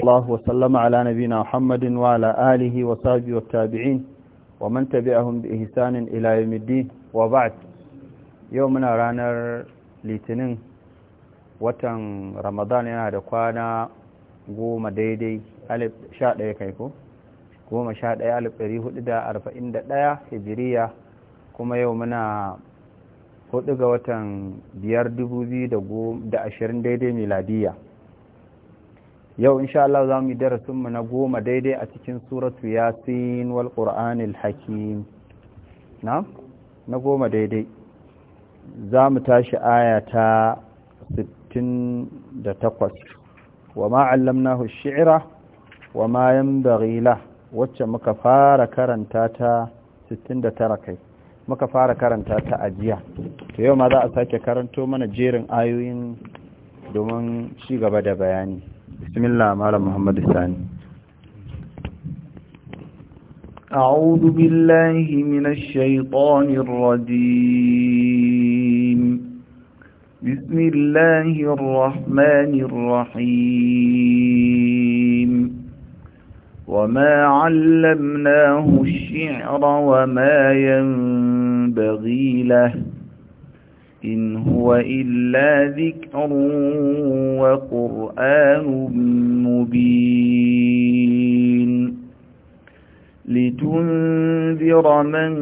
الله وسلم على نبينا محمد وعلى آله وصحبه والتابعين ومن تبعهم بإحسان إلى يوم الدين وبعد يومنا رانر litinin watan ramadan yana da kwana goma daidai sha ɗaya kai ko goma sha ɗaya alif ɗari hudu da arba'in da ɗaya hijiriya kuma yau muna hudu ga watan biyar dubu biyu da ashirin daidai miladiya yau insha Allah za mu yi darasinmu na goma daidai a cikin suratu yasin wal qur'anil hakim na na goma daidai za mu tashi aya ta 68 wa ma'allam na ash wa ma wacce muka fara karanta ta 69 kai muka fara karanta ta ajiya to yau ma za a sake karanto mana jerin ayoyin domin ci gaba da bayani بسم الله مالا محمد الثاني أعوذ بالله من الشيطان الرجيم بسم الله الرحمن الرحيم وما علمناه الشعر وما ينبغي له إن هو إلا ذكر وقرآن مبين لتنذر من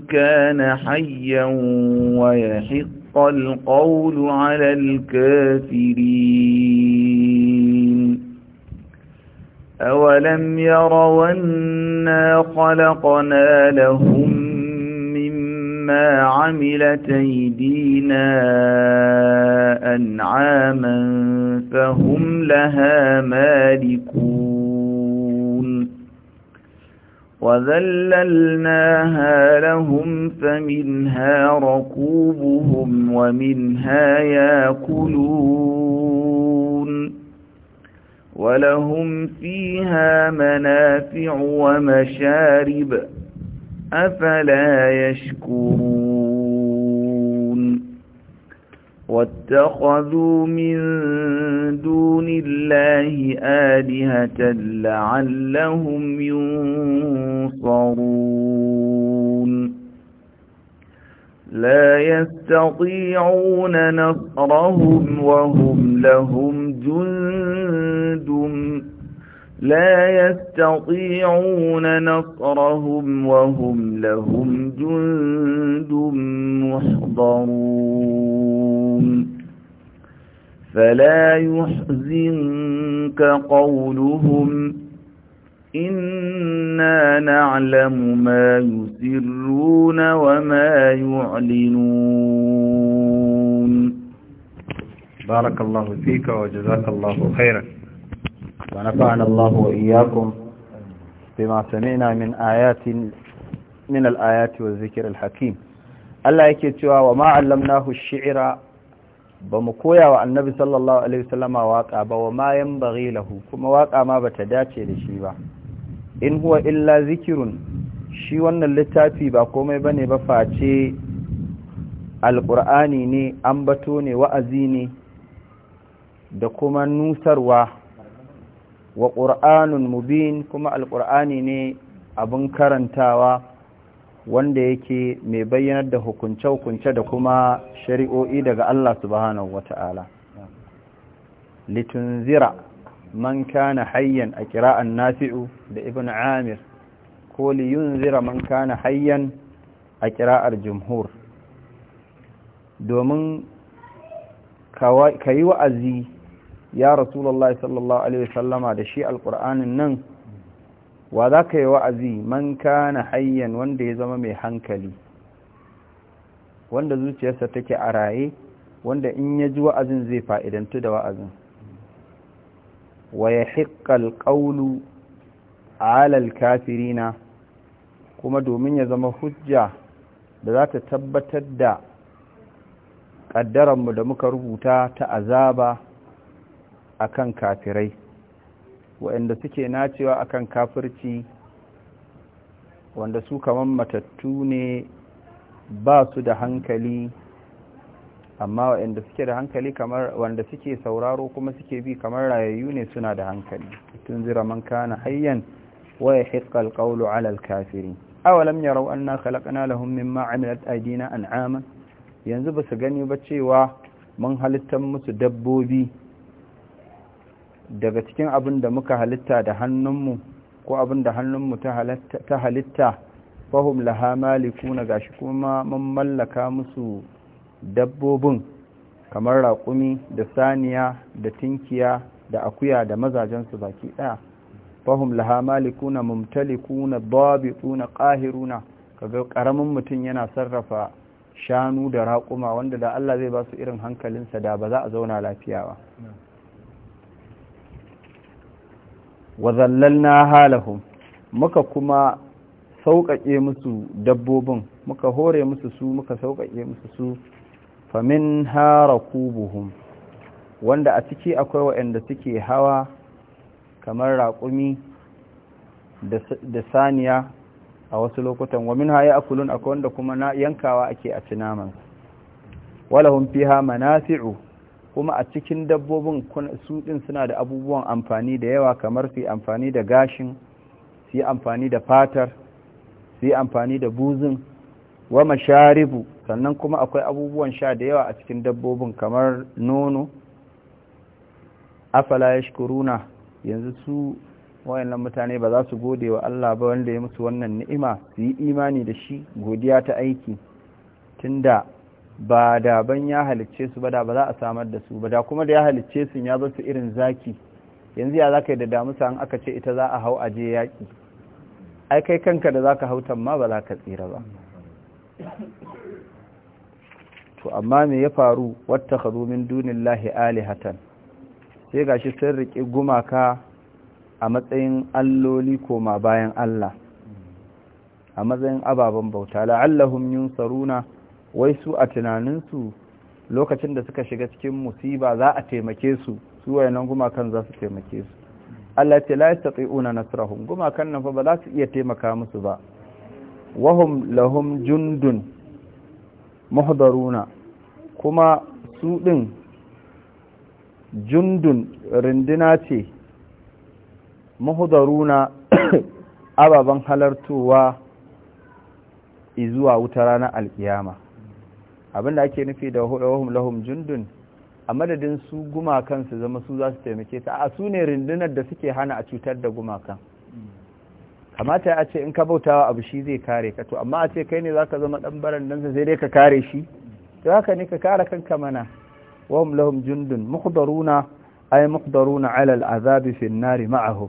كان حيا ويحق القول على الكافرين أولم يروا أنا خلقنا لهم ما عملت أيدينا أنعاما فهم لها مالكون وذللناها لهم فمنها ركوبهم ومنها ياكلون ولهم فيها منافع ومشارب أفلا يشكرون واتخذوا من دون الله آلهة لعلهم ينصرون لا يستطيعون نصرهم وهم لهم جند لا يستطيعون نصرهم وهم لهم جند محضرون فلا يحزنك قولهم إنا نعلم ما يسرون وما يعلنون بارك الله فيك وجزاك الله خيرا ونفعنا الله وإياكم بما سمعنا من آيات من الآيات والذكر الحكيم الله يكتوى وما علمناه الشعر بمكويا والنبي صلى الله عليه وسلم واقع وما ينبغي له كما واقع ما بتداتي لشيبا إن هو إلا ذكر shi wannan littafi ba komai bane ba face alƙur'ani ne ambato ne wa'azi ne da kuma nusarwa wa ƙur'anun mubin kuma alƙur'ani ne abin karantawa wanda yake mai bayyanar da hukunce-hukunce da kuma shari'o'i daga Allah subhanahu wata'ala litunzira man kana hayyan a kira'an nafi'u da ibn amir ko liyunzira man kana hayyan a kira'ar jumhur domin ka yi wa'azi ya rasulullahi sallallahu alaihi wasallama da shi alƙur'anin nan wa za ka yi wa'azi man kana hayyan wanda ya zama mai hankali wanda zuciyarsa take a raye wanda in ya ji wa'azin zai fa'idantu da wa'azin wa ya hiƙal ƙaunu alal kafirina kuma domin ya zama hujja da za ta tabbatar da ƙaddararmu da muka rubuta ta azaba akan kafirai waɗanda suke nacewa akan kafirci wanda su kaman matattu ne ba su da hankali amma waɗanda suke da hankali kamar wanda suke sauraro kuma suke bi kamar rayayyu ne suna da hankali tun zira man kana hayyan wa yahiqqa alqawlu ala alkafirin awalam yaraw anna khalaqna lahum mimma amilat aydina an'ama yanzu basu gani ba cewa mun halittar musu dabbobi daga cikin abin da muka halitta da hannunmu ko abin da hannunmu ta halitta fahim laha malikuna gashi kuma mun mallaka musu dabbobin kamar raƙumi da saniya da tinkiya da akuya da mazajensu baki ɗaya fahim laha babi mumtalikuna babituna ƙahiruna kaga ƙaramin mutum yana sarrafa shanu da raƙuma wanda da Allah zai ba su irin hankalinsa da ba za a zauna lafiya ba wa zallalna halahum muka kuma sauƙaƙe musu dabbobin muka hore musu su muka sauƙaƙe musu su famin harakubuhum wanda a ciki akwai waɗanda suke hawa kamar raƙumi da saniya a wasu lokutan wa min a akulun akwai wanda kuma yankawa ake a cinaman walahun fiha manasi'u kuma a cikin dabbobin su ɗin suna da abubuwan amfani da yawa kamar su amfani da gashin su amfani da fatar su amfani da buzin wa masharibu sannan kuma akwai abubuwan sha da yawa a cikin dabbobin kamar nono afala yashkuruna yanzu su wayannan mutane ba za su gode wa Allah ba wanda ya musu wannan ni'ima su yi imani da shi godiya ta aiki tunda ba da ban ya halicce su ba da ba za a samar da su ba da kuma da ya halicce su ya su irin zaki yanzu ya za ka yi da damusa an aka ce ita za a hau aje yaƙi ai kai kanka da za ka hau tamma ba za ka tsira ba to amma me ya faru wata khadu min dunillahi alihatan sai gashi sun riƙe gumaka a matsayin alloli ko ma bayan Allah a matsayin ababen bauta la'allahum yunsaruna wai su a tunaninsu lokacin da suka shiga cikin musiba za a taimake su su wayannan gumakan za su taimake su Allah ce la yastati'una nasrahum gumakan nan fa ba za su iya taimaka musu ba wahum lahum jundun muhdaruna kuma su din jundun rindina ce muhdaruna ababen halartowa izuwa wuta ranar alkiyama Abin da ake nufi da wahum lahum jundun a madadin su gumakan su zama su za su taimake ta a su ne rundunar da suke hana a cutar da gumakan kamata a ce in ka bautawa abu shi zai kare ka to amma a ce kai ne za ka zama dan baran nan sai dai ka kare shi to haka ne ka kare kanka mana wahum lahum jundun muhdaruna ay muhdaruna ala azab fi an-nar ma'ahum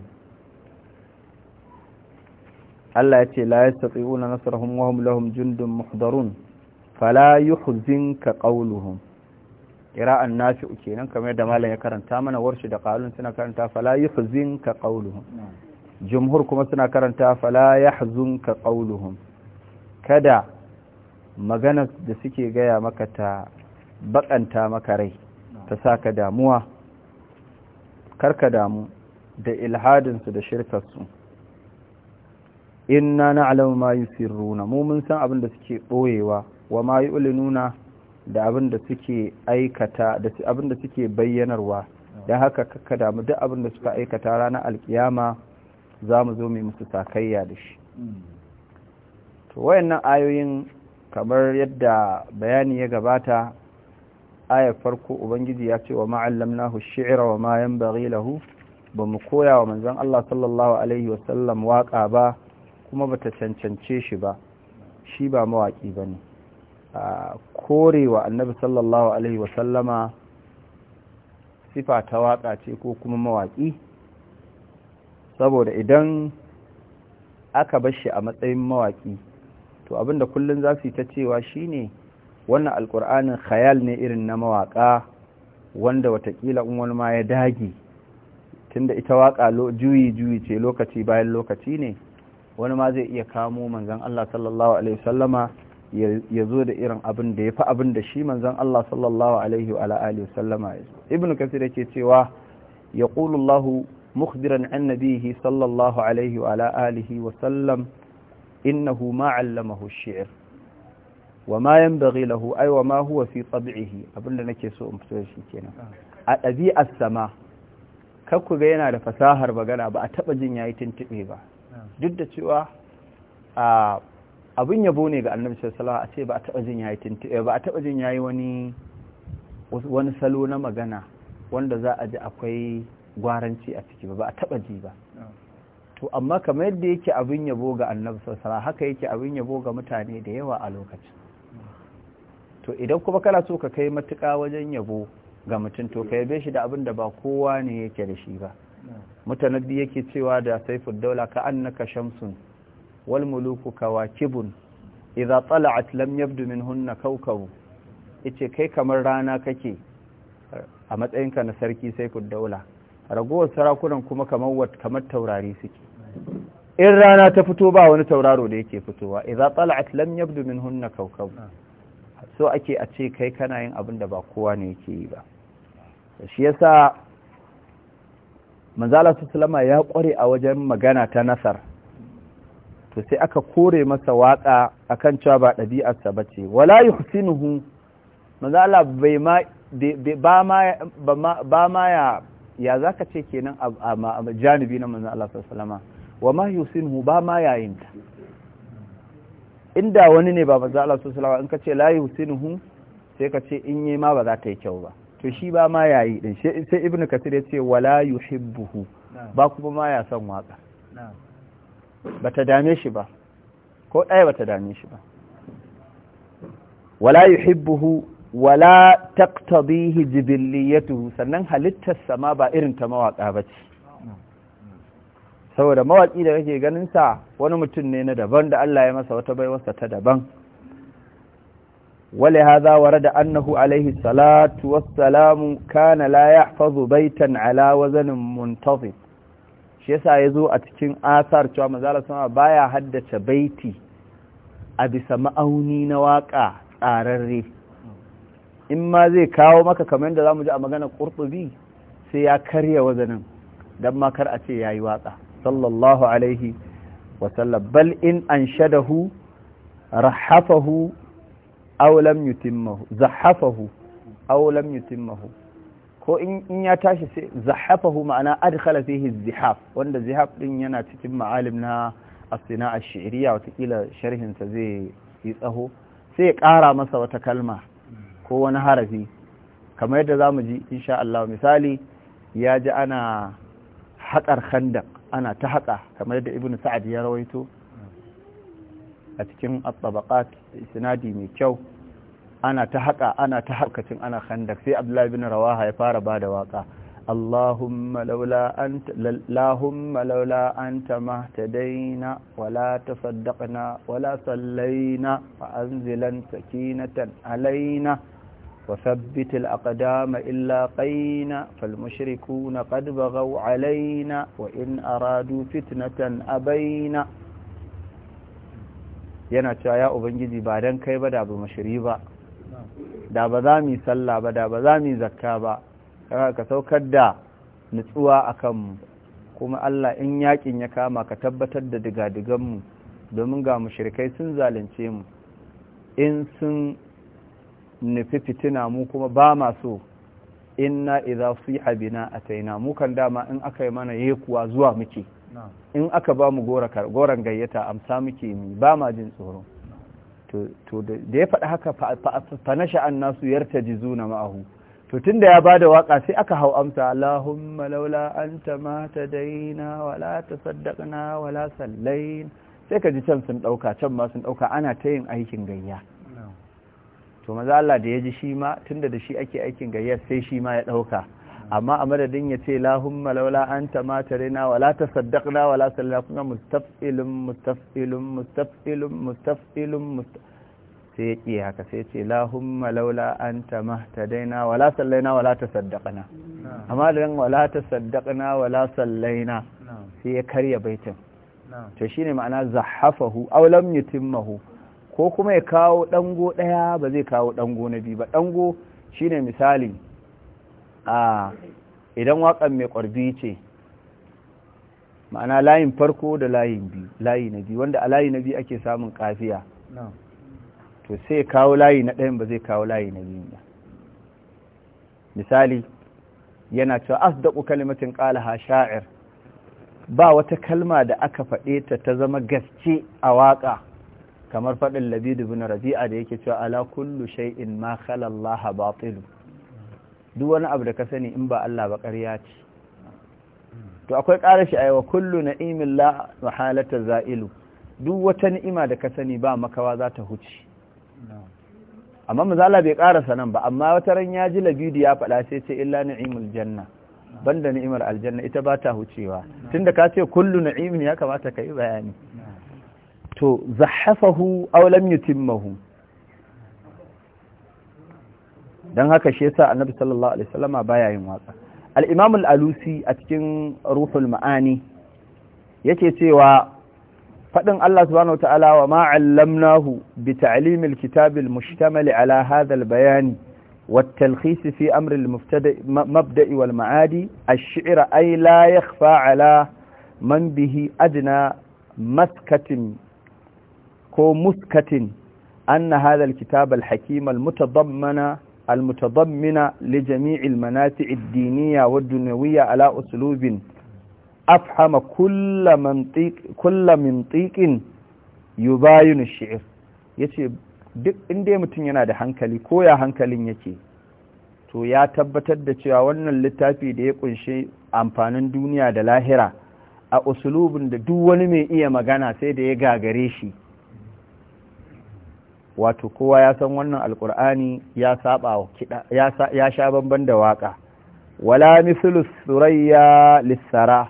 Allah ya ce la yastati'una nasrahum wa hum lahum jundun muhdarun fala yuhzinka qawluhum qira'an nafi'u kenan kamar da malam ya karanta mana warshi da qalun suna karanta fala ka qawluhum jumhur kuma suna karanta fala ka qawluhum kada magana da suke gaya maka ta bakanta maka rai ta ka damuwa karka damu da ilhadinsu da shirkarsu inna na'lamu ma yusirruna mu mun san abin da suke ɓoyewa. wa ma yu'linuna da abin da suke aikata da abin da suke bayyanarwa don haka kakka damu duk abin da suka aikata ranar alkiyama za mu zo mai musu sakayya da shi to wayannan ayoyin kamar yadda bayani ya gabata ayar farko ubangiji ya ce wa ma'allamnahu shi'ra wa ma yanbaghi lahu ba mu koya wa manzon Allah sallallahu alaihi wasallam waka ba kuma bata cancance shi ba shi ba mawaki ne. korewa annabi sallallahu alaihi wasallama sifa ta waka ce ko kuma mawaƙi saboda idan aka bar a matsayin mawaƙi to abinda kullum za yi ta cewa shine wannan alkur'anin khayal ne irin na mawaƙa wanda watakila in wani ma ya dage tunda ita waka juyi juyi ce lokaci bayan lokaci ne wani ma zai iya kamo manzon Allah sallallahu alaihi wasallama ya zo da irin abin da ya fi abin da shi manzan Allah sallallahu alaihi wa alihi sallama ya zo ibnu kasir yake cewa yaqulu Allah mukhbiran an nabihi sallallahu alaihi wa alihi wa sallam innahu ma 'allamahu ash-shi'r wa ma yanbaghi lahu ay wa ma huwa fi tab'ihi abinda nake so in fito shi kenan a ɗabi'ar sama kakku ga yana da fasahar magana ba a taɓa jin yayi tuntube ba duk da cewa a abin yabo ne ga annabi sallallahu alaihi wasallam a ce ba a taba jin yayi tinti eh, ba a taba jin yayi wani wani salo na magana wanda za a ji akwai gwaranci a ciki ba ba a taba ji ba to amma kamar yadda yake abin yabo ga annabi sallallahu haka yake abin yabo ga mutane da yawa a lokacin to idan kuma kana so ka kai matuƙa wajen yabo ga mutum to ka yabe shi da abin da ba kowa ne yake da shi ba mutanabbi yake cewa da saifud daula ka annaka shamsun wal muluku kawakibun idza tala'at lam yabdu minhunna kawkabu yace kai kamar rana kake a matsayinka na sarki sai ku daula ragowar sarakunan kuma kamar kamar taurari suke in rana ta fito ba wani tauraro da yake fitowa idza tala'at lam yabdu minhunna kawkabu so ake a ce kai kana yin abin da ba kowa ne yake yi ba shi yasa manzala sallama ya kware a wajen magana ta nasar to sai aka kore masa waka akan cewa ba ɗabi'arsa ba ce wala yi manzo Allah bai ma ba ma ba ma ya ya ka ce kenan a janibi na manzo Allah sassalama wa ma yuhsinuhu ba ma yayin ta inda wani ne ba manzo Allah sassalama in ka ce la hu? sai ka ce in yi ma ba za ta yi kyau ba to shi ba ma yayi din sai ibnu kasir ya ce wala yuhibbuhu ba kuma ma ya san waka ba ta dame shi ba ko ɗaya ba ta dame shi ba wala yuhibbuhu wala taqtadihi jibilliyatuhu sannan halittar sama ba irin ta mawaka ce saboda mawaki da kake ganin sa wani mutum ne na daban da Allah ya masa wata baiwarsa ta daban ولهذا ورد أنه عليه الصلاة kana la ya يحفظ baitan ala wazanin shi yasa ya zo a cikin asar cewa manzala sama ya haddace baiti a bisa ma'auni na waƙa tsararre in ma zai kawo maka kamar da za mu ji a magana ƙurɓubi sai ya karya wazanin don makar a ce ya yi waƙa sallallahu alaihi wasallam bal in an shadahu rahafahu aulam yutimahu zahafahu aulam yutimahu ko in ya tashi sai zahafahu ma'ana adkhala fihi zihaf wanda zihaf din yana cikin ma'alim na asina ash-shi'riyya watakila sharhin sa zai yi tsaho sai ya ƙara masa wata kalma ko wani harafi kamar yadda zamu ji insha Allah misali ya ji ana haƙar khandaq ana ta haƙa kamar yadda ibnu sa'ad ya rawaito a cikin at-tabaqat isnadi mai kyau ana ta haƙa ana ta cin ana khandak sai abdullahi bin rawaha ya fara ba da waƙa Allahumma laula anta mahtadaina wala tasaddaqna wala sallaina wa anzilan sakinatan alaina wa thabbit al-aqdama illa qayna fal mushrikuuna qad baghaw alaina wa in aradu fitnatan abaina yana cewa ya ubangiji ba dan kai ba da bu mashri ba da ba za mu yi sallah ba da ba za mu zakka ba ka saukar da nutsuwa a mu kuma Allah in yakin ya kama ka tabbatar da digadigan mu domin ga mushrikai sun zalunce mu in sun nufi fitina mu kuma ba ma so inna idza a bina ataina mu kan dama in aka yi mana yekuwa zuwa muke in aka ba mu goran gayyata amsa muke mi ba ma jin tsoro to da ya faɗi haka fa nasha an nasu yarta zuna ma'ahu to tunda ya ba da waka sai aka hau amsa Allahumma laula ta ma daina, wala ta na wala sallain sai ka ji can sun ɗauka can ma sun ɗauka ana ta yin aikin gayya to maza Allah da ya ji shi ma tunda da shi ake aikin gayya sai shi ma ya ɗauka. amma a madadin ya ce lahumma laula ta ma na wala tasaddaqna wala sallana kuma mustaf'ilun mustaf'ilun mustaf'ilun mustaf'ilun sai ya haka sai ce lahumma laula anta na wala na wala tasaddaqna amma da wala tasaddaqna wala na sai ya karya baitin to shine ma'ana zahafahu aulam lam yutimmahu ko kuma ya kawo dango daya ba zai kawo dango na biyu ba dango shine misali a idan waƙan mai ƙwarbi ce ma'ana layin farko da layin biyu layi na biyu wanda a layi na biyu ake samun kafiya to sai kawo layi na ɗayan ba zai kawo layi na biyu ba misali yana cewa asdaqu kalimatin qalaha sha'ir ba wata kalma da aka faɗe ta ta zama gaske a waƙa kamar faɗin labidu bin rabi'a da yake cewa ala kullu shay'in ma khala Allah batilu duk wani abu da ka sani in ba Allah ba ƙarya ce to akwai ƙara shi aiwa kullu na'imin la mahalata za'ilu duk wata ni'ima da ka sani ba makawa za ta huce amma mazala bai ƙarasa nan ba amma wata ran ya ji labidi ya faɗa sai ce illa ni'imul janna banda ni'imar aljanna ita ba ta hucewa tunda ka ce kullu na'imin ya kamata ka yi bayani to zahafahu aw lam yutimmahu dan haka shi yasa annabi sallallahu alaihi wasallama baya yin watsa al imamul alusi a cikin ruhul ma'ani yake cewa fadin Allah subhanahu wata'ala wa ma 'allamnahu bi ta'lim al-kitab al ala hadha bayani bayan wa fi amr al-mubtada mabda'i wal ma'adi ash-shi'ra ay la 'ala man bihi adna maskatin ko muskatin anna hadha al-kitab al-hakim المتضمنة لجميع المنافع الدينية والدنيوية على أسلوب أفهم كل منطيق, كل منطيق يباين الشعر yace duk inda mutum yana da hankali ko ya hankalin yake to ya tabbatar da cewa wannan littafi da ya kunshi amfanin duniya da lahira a usulubin da duk wani mai iya magana sai da ya gagare shi wato kowa ya san wannan alkur'ani ya saba ya sha bamban da waka wala mislu surayya lissara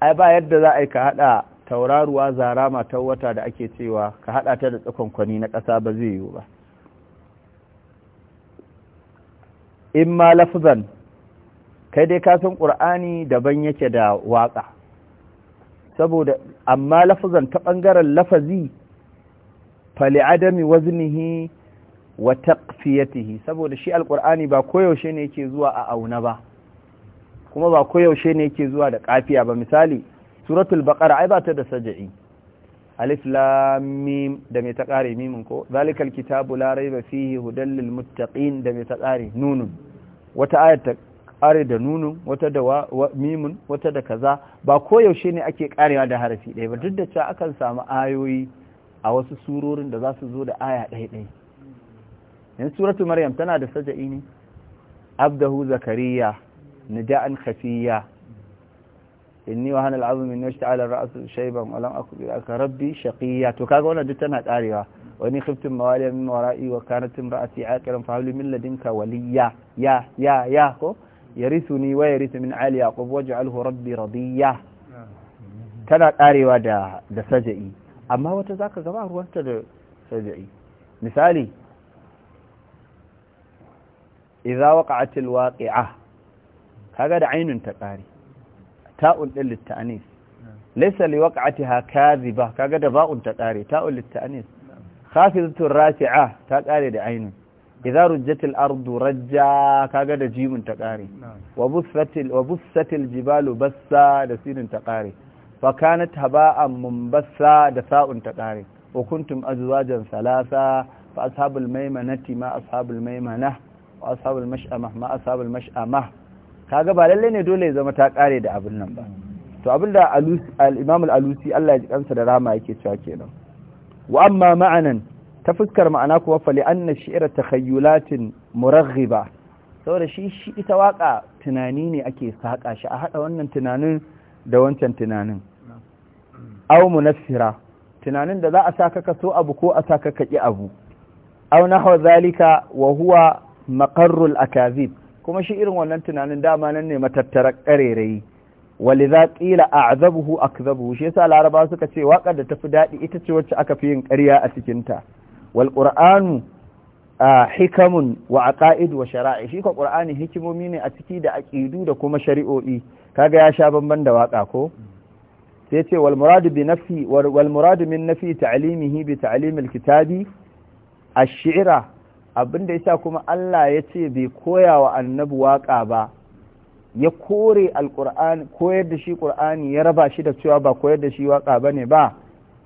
ai ba yadda za a yi ka hada tauraruwa zara matar wata da ake cewa ka hada ta da tsakonkwani na ƙasa ba zai yiwu ba in ma lafzan kai dai ka san qur'ani daban yake da waka saboda amma lafzan ta ɓangaren lafazi fali'adami adami waznihi wa taqfiyatihi saboda shi alqur'ani ba koyaushe ne yake zuwa a auna ba kuma ba koyaushe ne yake zuwa da kafiya ba misali suratul baqara ai ba ta da saj'i alif lam mim da mai ta kare mimin ko zalikal kitabu la rayba fihi hudal lil muttaqin da mai ta kare nunun wata ayat ta kare da nunun wata da mimun wata da kaza ba koyaushe ne ake karewa da harafi ɗaya ba duk da cewa akan samu ayoyi a wasu surorin da za su zo da aya ɗaiɗai ɗaya suratu maryam tana da saja'i ne abdahu zakariya nida'an khafiyya inni wa hanal azumi ne shi ta'alar ra'asu shaiban walam akubi aka rabbi shaqiyya to kaga wannan duk tana karewa wani khiftin mawaliya min wara'i wa kanat imra'ati aqiran fa hawli min ladinka waliya ya ya ya ko ni wa yarithu min ali yaqub waj'alhu rabbi radiya ah. tana ƙarewa da da saja'i amma wata za ka gaba ruwanta da sarja'i misali idza waqa'atil waqi'a kaga da ainihin ta ƙare ta'un din litta'anis laysa li kazi ba kaga da ba'un ta ƙare ta'un kafin khafidatur rafi'a ta ƙari da ainihin iza rujjatil ardu rajja kaga da jimin ta ƙari wa bussatil jibalu bassa da sinin ta ƙari fa kanat haba'an mumbassa da sa'un ta kare wa kuntum azwajan salasa fa ashabul maimanati ma ashabul maimana wa ashabul mash'ama ma ashabul mash'amah kaga ba lallai ne dole ya zama ta kare da abin nan ba to abin al-imam al-alusi Allah ya ji kansa da rama yake cewa kenan wa amma ma'anan ta fuskar ma'ana kuma fali anna shi'ra takhayyulatin muraghiba saboda shi ita waka tunani ne ake saka shi a haɗa wannan tunanin da wancan tunanin au munassira tunanin da za a saka ka so abu ko a saka ka ƙi abu aw nahwa zalika wa huwa maqarrul akazib kuma shi irin wannan tunanin dama nan ne matattarar karerai waliza qila a'zabuhu akzabuhu shi yasa laraba suka ce waƙar da tafi daɗi ita ce wacce aka fi yin ƙarya a cikinta ta wal qur'anu hikamun wa aqaid wa shara'i shi ka qur'ani hikimomi ne a ciki da aqidu da kuma shari'o'i kaga ya sha bamban da waka ko sai ce wal muradu bi nafi wal muradu min nafi ta'limihi bi ta'limil kitabi ash-shi'ra abinda yasa kuma Allah ya ce bai koya wa annabi waka ba ya kore koyar da shi qur'ani ya raba shi da cewa ba koyar da shi waka bane ba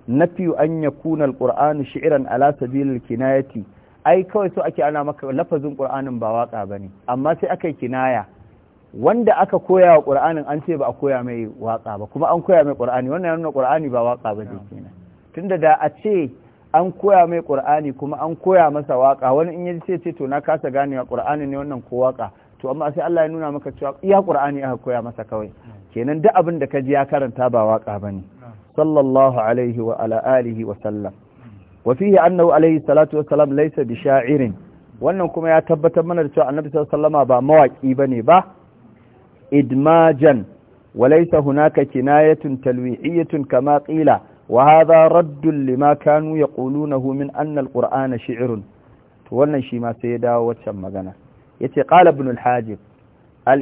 nafi an yakuna alqur'anu shi'ran ala sabilil kinayati ai kawai so ake ana maka lafazin qur'anin ba waka bane amma sai aka kinaya wanda aka koya wa qur'anin an ce ba a koya mai waka ba kuma an koya mai qur'ani wannan ya nuna qur'ani ba waka ba ne kenan tunda da a ce an koya mai qur'ani kuma an koya masa waka wani in yi ce to na kasa gane wa qur'ani ne wannan ko waka to amma sai Allah ya nuna maka cewa iya qur'ani aka koya masa kawai kenan duk abin da ka ji ya karanta ba waka ne. sallallahu alaihi wa ala alihi wa sallam wa fihi annahu alaihi salatu wa salam laysa bi sha'irin wannan kuma ya tabbatar mana da cewa annabi sallallahu alaihi wasallama ba mawaki bane ba idmajan walaisa hunaka kinayatun talwi'iyyatun kama qila wa hadha raddun lima kanu yaqulunahu min anna alqur'ana shi'run to wannan shi ma sai ya dawo waccan magana yace qala ibn al-hajib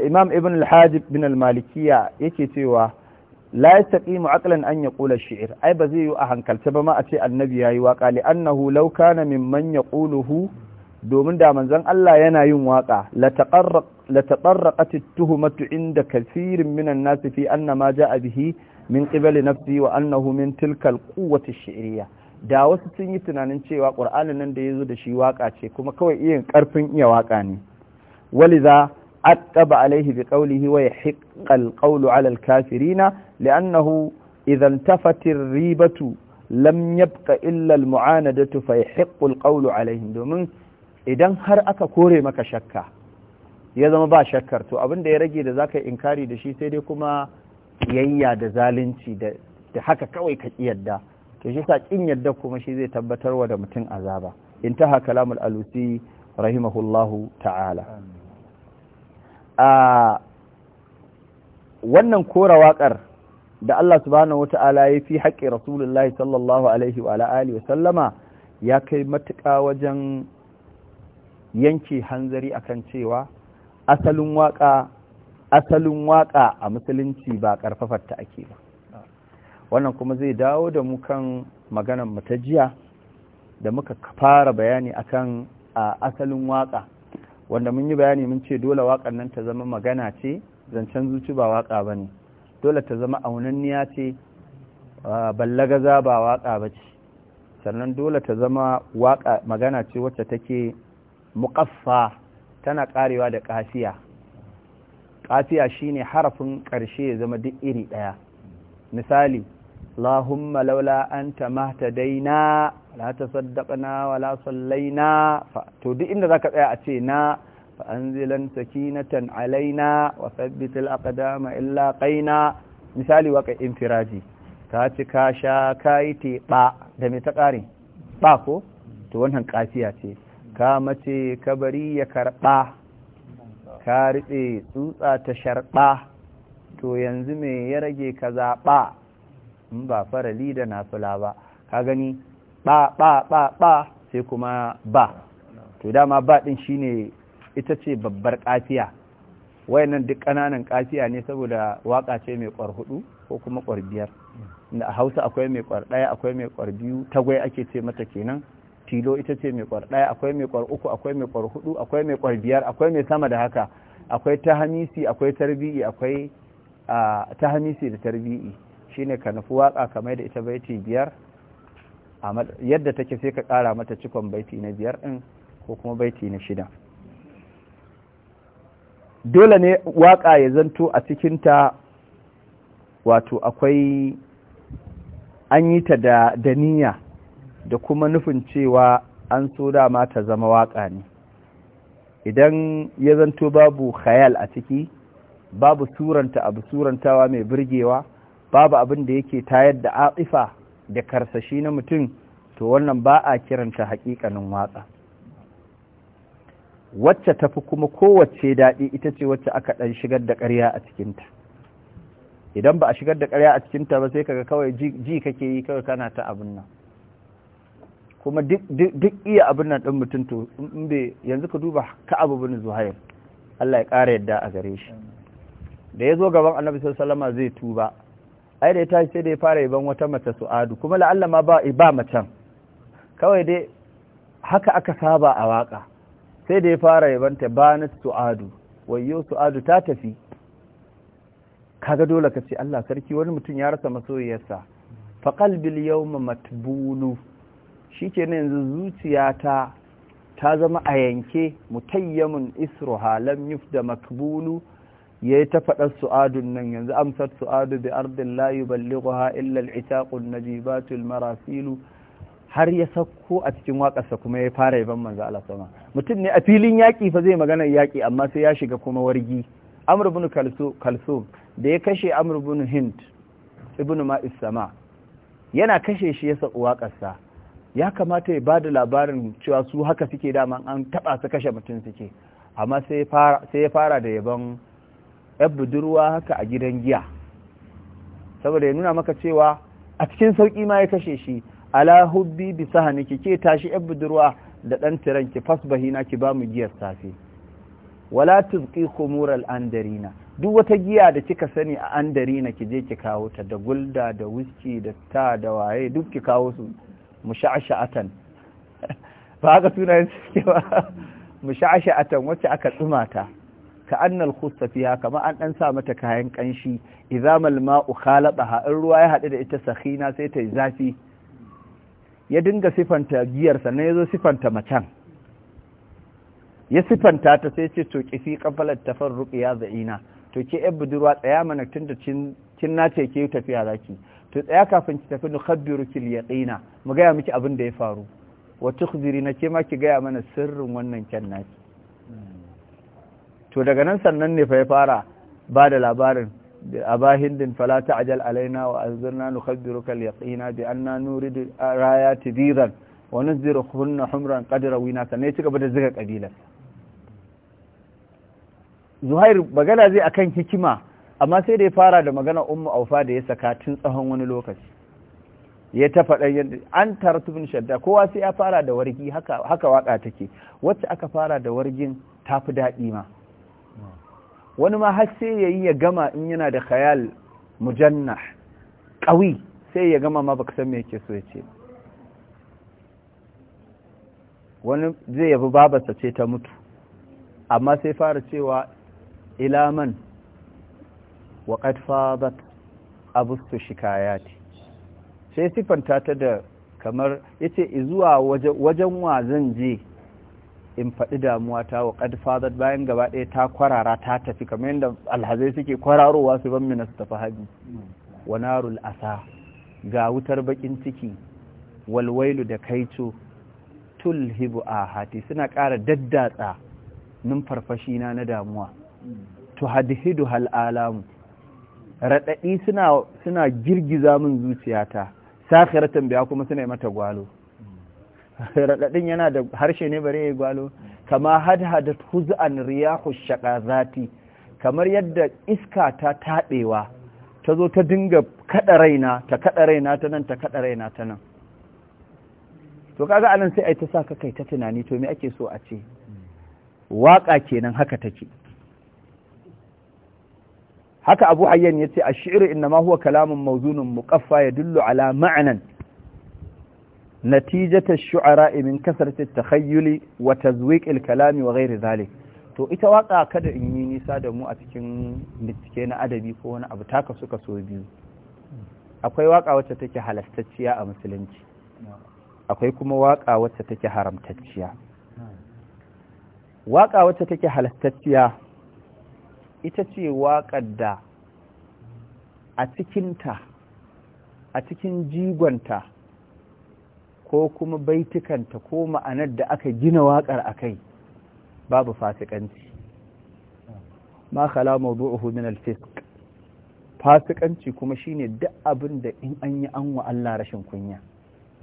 imam ibn al bin al-malikiyya yake cewa la yastaqimu aqlan an yaqula shi'r ai bazai zai yi a hankalce ba ma a ce annabi yayi waka li annahu law kana mimman yaquluhu domin da manzon Allah yana yin waka la taqarraqat inda kathirin minan nas fi anna ma a bihi min na nafsi wa annahu min tilka al-quwwati da wasu sun yi tunanin cewa qur'anin nan da zo da shi waka ce kuma kawai iya karfin iya waka ne waliza aqaba alaihi bi ƙaulihi wa yahiqqa al-qawlu kafirina li'annahu idan tafatin ribatu lam yabqa illa al-mu'anadatu fa yahiqqu al-qawlu 'alaihim domin idan har aka kore maka shakka ya zama ba shakkar to abin da ya rage da zaka inkari da shi sai dai kuma yayya da zalunci da haka kawai ka yadda to shi sa kin yadda kuma shi zai tabbatar wa da mutum azaba intaha kalamul alusi rahimahullahu ta'ala a wannan kora waƙar da Allah subhanahu wata'ala ya fi haƙƙi rasulullahi sallallahu alaihi wa alihi wa sallama ya kai matuƙa wajen yanke hanzari akan cewa asalin waka asalin waka a musulunci ba karfafar ake ba wannan kuma zai dawo da mu kan maganar mu ta jiya da muka fara bayani akan asalin waka wanda mun yi bayani mun ce dole waƙar nan ta zama magana ce zancen zuci ba waƙa ba ne dole ta zama aunanniya ce ballagaza ba waƙa ba ce sannan dole ta zama magana ce wacce take muƙaffa tana ƙarewa da ƙasiya ƙasiya shine harafin ƙarshe ya zama duk iri ɗaya misali Allahumma laula anta mahtadaina la tasaddaqna wala sallaina to duk inda zaka tsaya a ce na fa anzilan sakinatan alaina wa thabbit alaqdama illa qaina misali waka infiraji ka ci ka sha kai te ba da me ta ƙare ba ko to wannan ƙasiya ce ka mace ka bari ya karɓa ka riɓe tsutsa ta sharɓa to yanzu mai ya rage ka zaɓa in ba farali da nafila ba ka gani ba ba ba ba sai kuma ba to dama ba ɗin ne ita ce babbar kafiya nan duk ƙananan kafiya ne saboda waƙa ce mai ƙwar hudu ko kuma ƙwar biyar da a hausa akwai mai ƙwar ɗaya akwai mai ƙwar biyu tagwai ake ce mata kenan tilo ita ce mai kwar ɗaya akwai mai kwar uku akwai mai kwar hudu akwai mai kwar biyar akwai mai sama da haka akwai ta hamisi akwai tarbi'i akwai ta hamisi da tarbi'i shine ka nufi waka kamar da ita baiti biyar yadda take sai ka kara mata cikon baiti na biyar din ko kuma baiti na shida dole ne waƙa ya zanto a cikinta wato akwai an yi ta da niyya da kuma nufin cewa an so dama ta zama waƙa ne idan ya zanto babu khayal a ciki babu suranta abu surantawa mai birgewa babu abin da yake tayar da aƙifa da karsashi na mutum to wannan ba a kiranta haƙiƙanin waƙa wacce tafi kuma kowace daɗi ita ce wacce aka ɗan shigar da ƙarya a cikinta idan ba a shigar da ƙarya a cikinta ba sai kaga kawai ji kake yi kawai kana ta abin nan kuma duk iya abin nan ɗan mutum to bai yanzu ka duba abu bin zuhair Allah ya ƙara yadda a gare shi da ya zo gaban annabi sallama zai tuba ai da ya tashi sai da ya fara yaban wata mace su'adu kuma la'alla ma ba ba macen kawai dai haka aka saba a waka sai da ya fara yabanta bana su'adu wayyo su'adu ta tafi kaga dole ka ce Allah sarki wani mutum ya rasa masoyiyarsa fa qalbil yawma matbulu shi ke yanzu zuciyata ta zama a yanke mutayyamin halam yuf da makbulu ya yi ta faɗar su'adun nan yanzu amsar su'adu bi ardin layu ballighuha illa itaƙun na najibatul marasilu har ya sauko a cikin waƙarsa kuma ya fara yaban manzo ala sama mutum ne a filin yaƙi fa zai magana yaƙi amma sai ya shiga kuma wargi Amr ibn kalso da ya kashe Amr ibn Hind ibn Ma'is sama yana kashe shi ya sauko waƙarsa ya kamata ya ba da labarin cewa su haka suke dama an taba su kashe mutum suke amma sai ya fara da yabon yan budurwa haka a gidan giya saboda ya nuna maka cewa a cikin sauƙi ma ya kashe shi ala hubbi bi sahani ki ke tashi yan budurwa da ɗan tiran ki na ki bamu giyar safe wala tuzqi khumur al andarina duk wata giya da kika sani a andarina ki je ki kawo ta da gulda da wiski da ta da waye duk ki kawo su musha'asha'atan ba haka sunayen suke ba musha'asha'atan wacce aka tsumata ka annal kusa fiha kama an dan sa mata kayan kanshi izamal ma'u khalabaha in ruwa ya haɗu da ita sakhina sai ta yi zafi ya dinga sifanta giyar sannan yazo sifanta macan ya sifanta ta sai ce to kifi ta tafarruq ya za'ina to ke yar budurwa tsaya mana tunda kin nace ke tafiya zaki to tsaya kafin ki tafi nukhaddiruki al-yaqina mu gaya miki abin da ya faru wa tukhbiri na ke ma ki gaya mana sirrin wannan kyan naki to daga nan sannan ne fa ya fara ba da labarin aba hindin fala ta'jal alaina wa anzirna nukhaddiruka al-yaqina bi anna nuridu rayat diran wa nunziruhunna humran qad rawina sannan ci gaba da zuga kabila Zuhair bagana zai akan hikima amma sai da ya fara da magana ummu aufa da ya saka tun tsahon wani lokaci ya ta faɗa yadda an tartubin shadda kowa sai ya fara da wargi haka waka take wacce aka fara da wargin ta fi daɗi ma wani ma har sai ya yi ya gama in yana da khayal mujanna ƙawi sai ya gama ma baka san me yake so ya ce wani zai yabi babarsa ce ta mutu amma sai fara cewa ilaman wa qad fadat abustu shikayati sai sifanta ta da kamar yace zuwa wajen wa zan je in faɗi damuwa ta wa fadat bayan gaba ɗaya ta kwarara ta tafi kamar yadda alhazai suke kwararowa su ban mina su tafi haɗi. wa narul asa ga wutar baƙin ciki walwailu da kaico tulhibu a hati suna ƙara daddatsa numfarfashi na na damuwa tuhadhidu hal alamu raɗaɗi suna girgiza min zuciyata ra tambaya kuma suna mata gwalo raɗaɗin yana da harshe ne bare yayi gwalo kama hadhadat huz'an riyahu shaqazati kamar yadda iska ta taɗewa ta zo ta dinga kaɗa raina ta kaɗa raina ta nan ta kaɗa raina ta nan to kaga anan sai ai ta sa ka kai ta tunani to me ake so a ce waka kenan haka take haka abu hayyan ya ce a shi'ir ma huwa kalamun mawzunun muqaffa ya dullu ala ma'anan natijata shu'ara min kasarati takhayyuli wa tazwiq al-kalami wa ghairi zalik to ita waka kada in yi nisa da mu a cikin bincike na adabi ko wani abu taka suka so biyu akwai waka wacce take halastacciya a musulunci akwai kuma waka wacce take haramtacciya waka wacce take halastacciya ita ce waƙar da a cikinta a cikin jigonta ko kuma baitukanta ko ma'anar da aka gina waƙar a kai babu fasikanci ma khala mawdu'uhu min fasikanci kuma shine duk abin da in an yi an wa Allah rashin kunya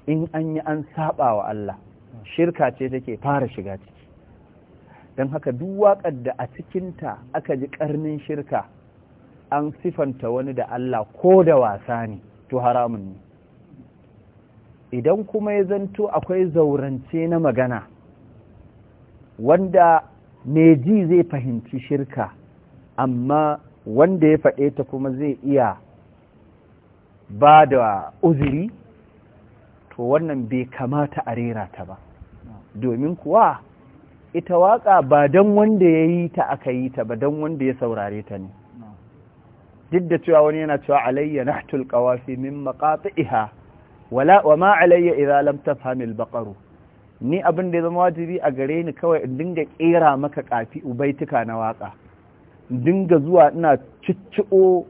in an yi an saba wa Allah shirka ce take fara shiga ciki don haka duk waƙar da a cikinta aka ji ƙarnin shirka an sifanta wani da Allah ko da wasa ne to haramun ne idan kuma ya zanto akwai zaurance na magana wanda ji zai fahimci shirka amma wanda ya faɗe ta kuma zai iya ba da uzuri to wannan bai kamata a rera ta ba domin kuwa ita waƙa ba don wanda ya yi ta aka yi ta ba don wanda ya saurare ta ne duk da cewa wani yana cewa alayya hatul qawafi min maqati'iha iha wa ma alayya idza lam famil al ni abin da ya zama wajibi a gare ni kawai in dinga kera maka kafi ubaituka na waƙa in dinga zuwa ina cicciɓo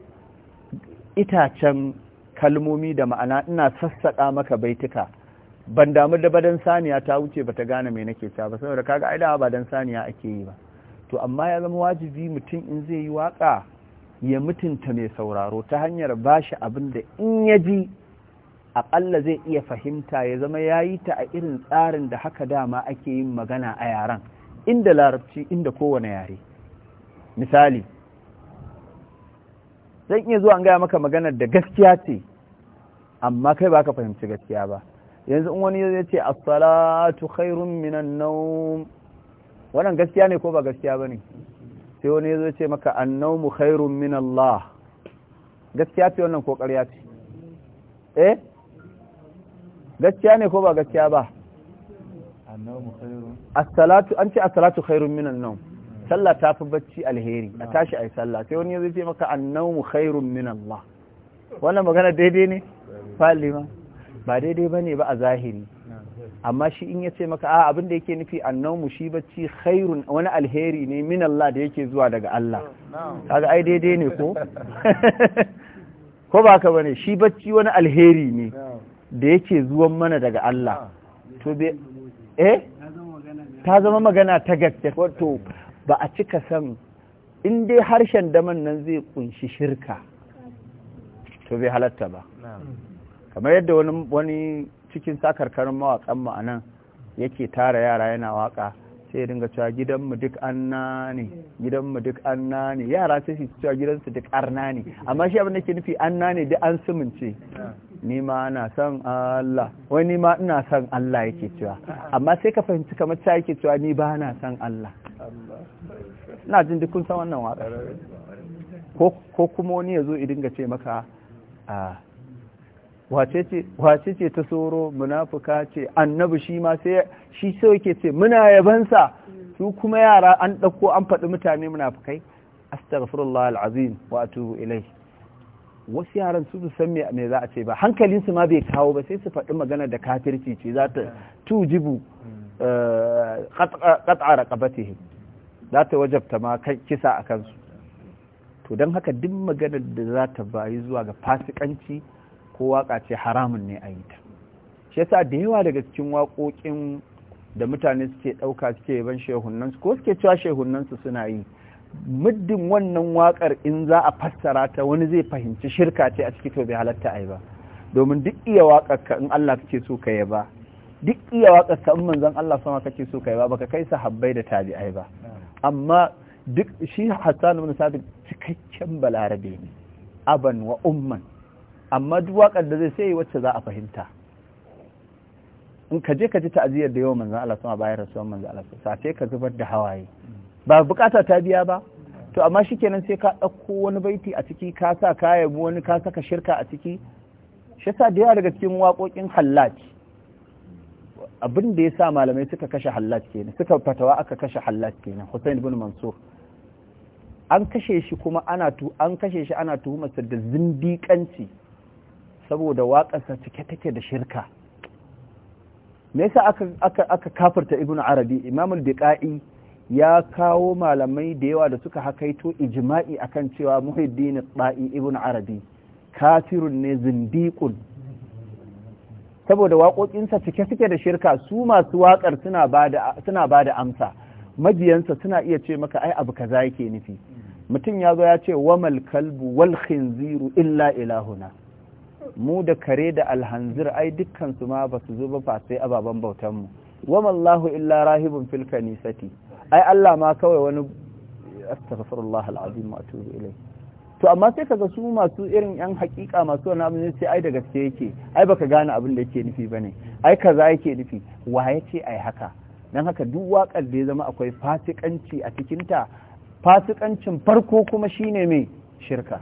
itacen kalmomi da ma'ana ina sassaƙa maka baituka ban damu da badan saniya ta wuce ba ta gane mai nake ta ba saboda kaga ai da ba dan saniya ake yi ba to amma ya zama wajibi mutum in zai yi waka ya mutunta mai sauraro ta hanyar bashi abin da in ya ji aƙalla zai iya fahimta ya zama ya yi ta a irin tsarin da haka dama ake yin magana a yaren inda larabci inda kowane yare misali zan iya zuwa an gaya maka maganar da gaskiya ce amma kai ba ka fahimci gaskiya ba yanzu in wani ya ce as-salatu khairun minan nawm wannan gaskiya ne ko ba gaskiya bane sai wani ya ce maka an-nawmu khairun min Allah gaskiya ce wannan ko ƙarya ce eh gaskiya ne ko ba gaskiya ba as an ce as-salatu khairun minan nawm sallah ta fi bacci alheri a ah. tashi ai sallah sai wani ya ce maka an-nawmu khairun min Allah wannan magana daidai ne falima ba daidai ba ne ba a zahiri amma shi in yace maka a abin da yake nufi mu shi bacci khairun wani alheri ne min Allah da yake zuwa daga Allah kaga ai daidai ne ko ko ba ka bane shi bacci wani alheri ne da yake zuwan mana daga Allah to be eh ta zama magana ta gaske to ba a cika san in dai harshen daman nan zai kunshi shirka to bai halatta ba kamar yadda wani cikin sakarkar mawakan ma'anan yake tara yara yana waka sai dinga cewa gidanmu duk anna ne gidanmu duk anna ne yara sai su cewa gidansu duk arna ne amma shi abin da ke nufi anna ne duk an sumunce ni ma na san Allah wani ma ina san Allah yake cewa amma sai ka fahimci kamar ta yake cewa ni ba na san Allah ina jin duk kun san wannan waka ko kuma wani ya zo idin ga ce maka ah, wace ce ta soro munafuka ce annabi shi ma sai shi sai yake ce muna yabansa su kuma yara an ɗauko an faɗi mutane munafukai astaghfirullah alazim wa atubu ilai wasu yaran su san me za a ce ba hankalin su ma bai kawo ba sai su faɗi magana da kafirci ce za ta tujibu hmm. eh, qat'a raqabatihi za ta wajabta ma kisa a kansu to don haka duk maganar da za ta bayi zuwa ga fasikanci ko waka ce haramun ne a yi ta shi yasa da yawa daga cikin waƙoƙin da mutane suke ɗauka suke yaban shehunansu ko suke cewa shehunansu suna yi muddin wannan waƙar in za a fassara ta wani zai fahimci shirka ce a ciki to bai halatta a yi ba domin duk iya waƙar ka in Allah kake so ka yaba duk iya waƙar ka in manzon Allah sama kake so ka yaba baka kai sahabbai da tabi'ai ba amma duk shi Hassan ibn Sabit cikakken balarabe ne aban wa umman amma duk waƙar da zai sai wacce za a fahimta in ka je ka ji ta'aziyar da yawan manzo Allah sama bayan rasuwan manzo Allah sa sai ka zubar da hawaye ba bukata ta biya ba to amma shikenan sai ka ɗauko wani baiti a ciki ka sa ka yabi wani ka saka shirka a ciki shi sa da yawa daga cikin waƙoƙin hallaj abin da ya sa malamai suka kashe hallaj kenan suka fatawa aka kashe hallaj kenan Hussein ibn Mansur an kashe shi kuma ana tu an kashe shi ana tuhumarsa da zindiƙanci saboda waƙarsa cike take da shirka me yasa aka aka aka kafirta ibn arabi imam biqai ya kawo malamai da yawa da suka hakaito ijma'i akan cewa muhiddin ba'i Ibn arabi kafirun ne zindiqun saboda waƙoƙinsa cike suke da shirka su masu waƙar suna bada suna bada amsa majiyansa suna iya ce maka ai abu kaza yake nufi mutum ya zo ya ce wamal kalbu wal khinziru illa ilahuna mu da kare da alhanzir ai dukkansu ma ba su zo ba fa sai ababen bautanmu wamallahu illa rahibun fil kanisati ai Allah ma kawai wani astaghfirullah alazim wa atubu ilai to amma sai kaga su masu irin yan hakika masu wani abin sai ai da gaske yake ai baka gane abin da yake nufi bane ai kaza yake nufi wa yace ai haka dan haka duk wakar da ya zama akwai fasikanci a cikin ta fasikancin farko kuma shine mai shirka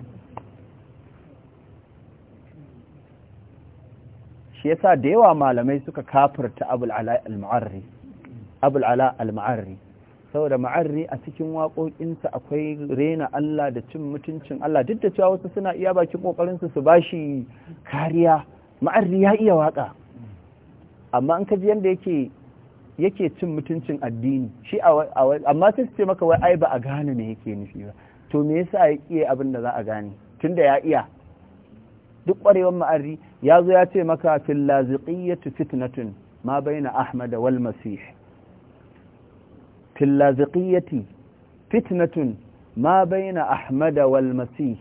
shi yasa da yawa malamai suka kafirta abul ala al-ma'arri abul ala al saboda ma'arri a cikin waƙoƙinsa akwai rena Allah da cin mutuncin Allah duk da cewa wasu suna iya bakin ƙoƙarinsu su ba shi kariya ma'arri ya iya waƙa amma an kaji yadda yake yake cin mutuncin addini shi amma sai su ce maka wai ai ba a gane me yake nufi ba to me yasa ya iya abin da za a gane tunda ya iya duk ƙwarewar ma'arri ya zo ya ce maka fil laziqiyyati fitnatun ma baina ahmad wal masih fil laziqiyyati fitnatun ma baina ahmad wal masih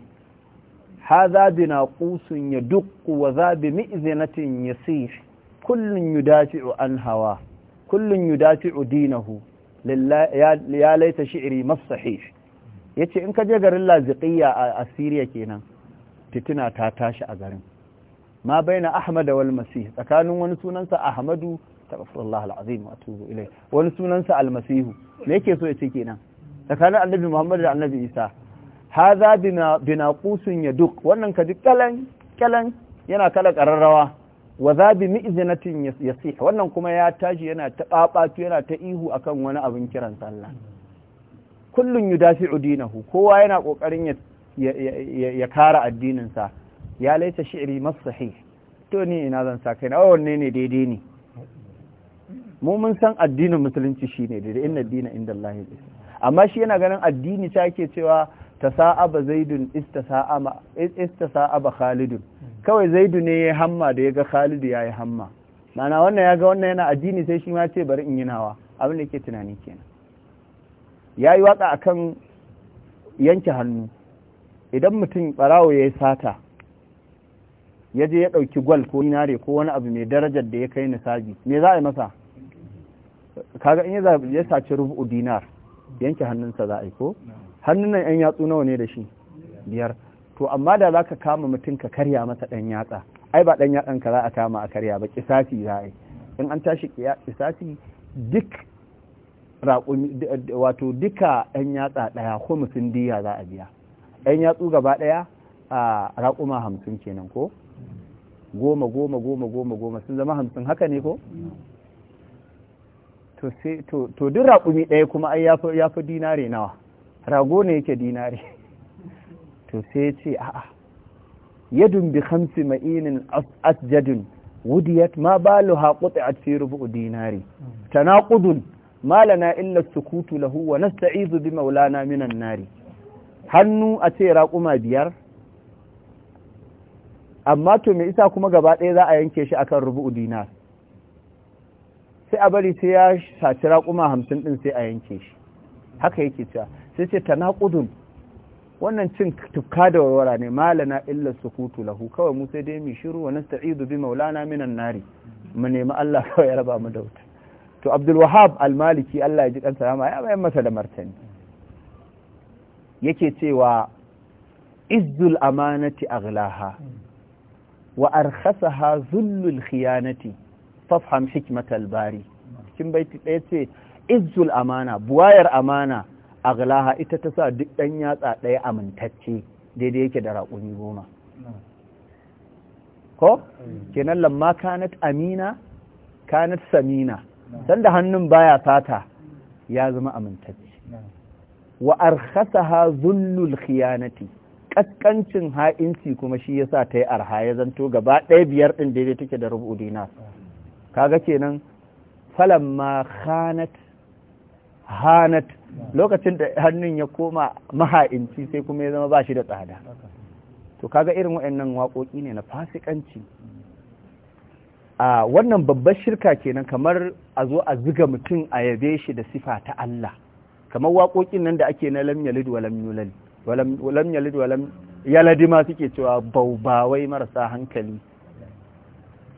hadha qusun yadqu wa bi bimi'zinatin yasih kullun yudafi'u an hawa kullun yudafi'u dinahu ya laita shi'ri masahih yace in ka je garin laziqiyya a asiriya kenan fitina ta tashi a garin ma baina ahmad wal masih tsakanin wani sunansa ahmadu tabassalallahi alazim wa atubu ilai wani sunansa almasih me yake so ya ce kenan tsakanin annabi muhammad da annabi isa hadha bina ya duk wannan ka duk kalan yana kala kararrawa wa za bi ya yasih wannan kuma ya tashi yana ta babatu yana ta ihu akan wani abin kiran sallah kullun yudafi'u dinahu kowa yana ƙoƙarin ya ya kara addinin sa ya laita shi'ri masahi to ni ina zan sa kai na oh, wanne ne daidai ne mu mun san addinin musulunci shine daidai inna dina inda Allah amma shi yana ganin addini ta yake cewa tasa'aba zaidun istasa'ama istasa'aba khalidun kawai zaidu ne yi hamma da ya ga khalidu ya yi hamma mana wannan ya ga wannan yana addini sai shi ma ce bari in yi nawa abin da yake tunani kenan yi waka akan yanke hannu idan mutum barawo yi sata ya je ya ɗauki gwal ko dinare ko wani abu mai darajar da ya kai nisabi me za a yi masa kaga in ya saci rubu dinar yanke hannunsa za a yi ko hannun nan yan yatsu nawa ne da shi biyar to amma da za ka kama mutum ka karya masa ɗan yatsa ai ba ɗan yatsan ka za a kama a karya ba kisasi za a yi in an tashi kisasi duk wato duka ɗan yatsa ɗaya ko musun diya za a biya ɗan yatsu gaba ɗaya a raƙuma hamsin kenan ko goma goma goma goma goma sun zama hamsin haka ne ko to duk raƙumi ɗaya kuma ai ya fi dinare nawa rago ne yake dinare to sai ce a'a yadun bi hamsi ma'inin asjadun wudiyat ma lu haƙuɗe a fi rubu dinari ƙudun ma lana illa kutu lahu wa nasta'izu bi maulana minan nari hannu a ce raƙuma biyar amma to me isa kuma gaba ɗaya za a yanke shi akan rubu'u dinar sai a bari sai ya saci raƙuma hamsin ɗin sai a yanke shi haka yake cewa sai ce ta naƙudun wannan cin tufka da warwara ne malana illa sukutu lahu kawai mu sai dai mu shiru wa nasta'idu bi maulana minan nari mu nemi Allah kawai ya raba mu da wuta to Abdul Wahab al-Maliki Allah ya ji kansa ya ya bayan masa da martani yake cewa izzul amanati aghlaha wa arkhasaha zullul khiyanati fafham hikmatal bari cikin baiti ɗaya ce izzul amana buwayar amana a galaha ita ta sa duk ɗan yatsa ɗaya amintacce daidai yake da raƙumi goma ko kenan lamma kanat amina kanat samina sanda hannun baya sata ya zama amintacce wa arkhasaha zullul khiyanati Ƙasƙancin ha'inci kuma shi ya sa ta yi arha ya zanto gaba ɗaya biyar ɗin daidai take da rubu dinar kaga kenan falan ma hanat lokacin da hannun ya koma maha'inci sai kuma ya zama ba shi da tsada to kaga irin waɗannan waƙoƙi ne na fasikanci a wannan babbar shirka kenan kamar a zo a ziga mutum a yabe shi da sifa ta Allah kamar waƙoƙin nan da ake na lamyalid wa lam walam yalid walam yaladi ma suke cewa baubawai marasa hankali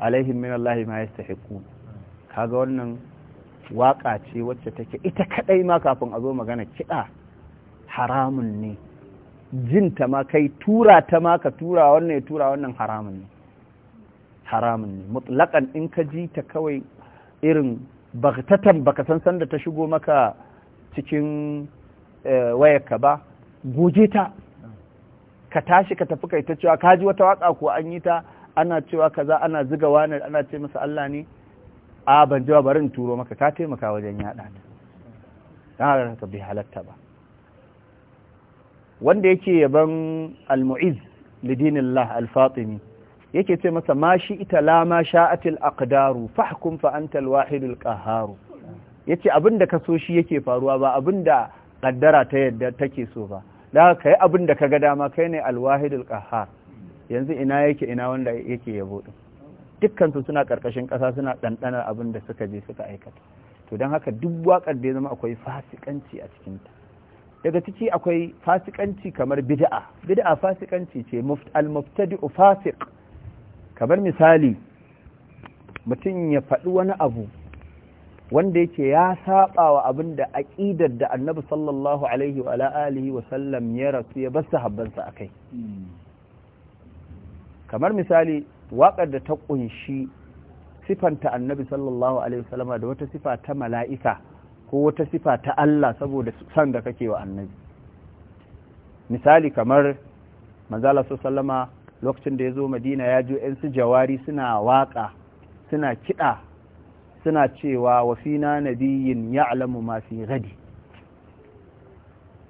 alaihim min Allah ma yastahiqu kaga wannan waka ce wacce take ita kadai ma kafin a zo magana kida. haramun ne Jin ta ma kai tura ta ma ka tura wannan ya tura wannan haramun ne haramun ne mutlaƙan in ka ji ta kawai irin bagtatan baka san sanda ta shigo maka cikin eh, wayarka ba goge ta ka tashi ka tafi kai ta cewa kaji wata waka ko an yi ta ana cewa kaza ana ziga wani ana ce masa Allah ne a ban jawa barin turo maka ka taimaka wajen yada ta dan ka bai halatta ba wanda yake yaban al-mu'iz dinillah al-fatimi yake ce masa ma shi ita la ma sha'atil aqdaru fahkum fa antal wahidul qahhar yace abinda ka so shi yake faruwa ba abinda kaddara ta yadda take so ba da ka yi abin da ka ga dama kai ne alwahidul qahhar yanzu ina yake ina wanda yake yabo din dukkan su suna karkashin kasa suna dandana abin da suka je suka aikata to dan haka duk wakar da ya zama akwai fasikanci a cikinta daga ciki akwai fasikanci kamar bid'a bid'a fasikanci ce al muftadi fasiq kamar misali mutum ya faɗi wani abu wanda yake ya saba wa abin da aqidar da annabi sallallahu alaihi wa alihi wa sallam ya rasu ya bar sahabbansa akai kamar misali waƙar da ta kunshi sifanta annabi sallallahu alaihi wasallama da wata sifa ta mala'ika ko wata sifa ta Allah saboda san da kake wa annabi misali kamar manzala sallama lokacin da ya zo madina ya jo 'yan su jawari suna waƙa suna kiɗa suna cewa wa nabiyin nabiyyin ya'lamu ma fi gadi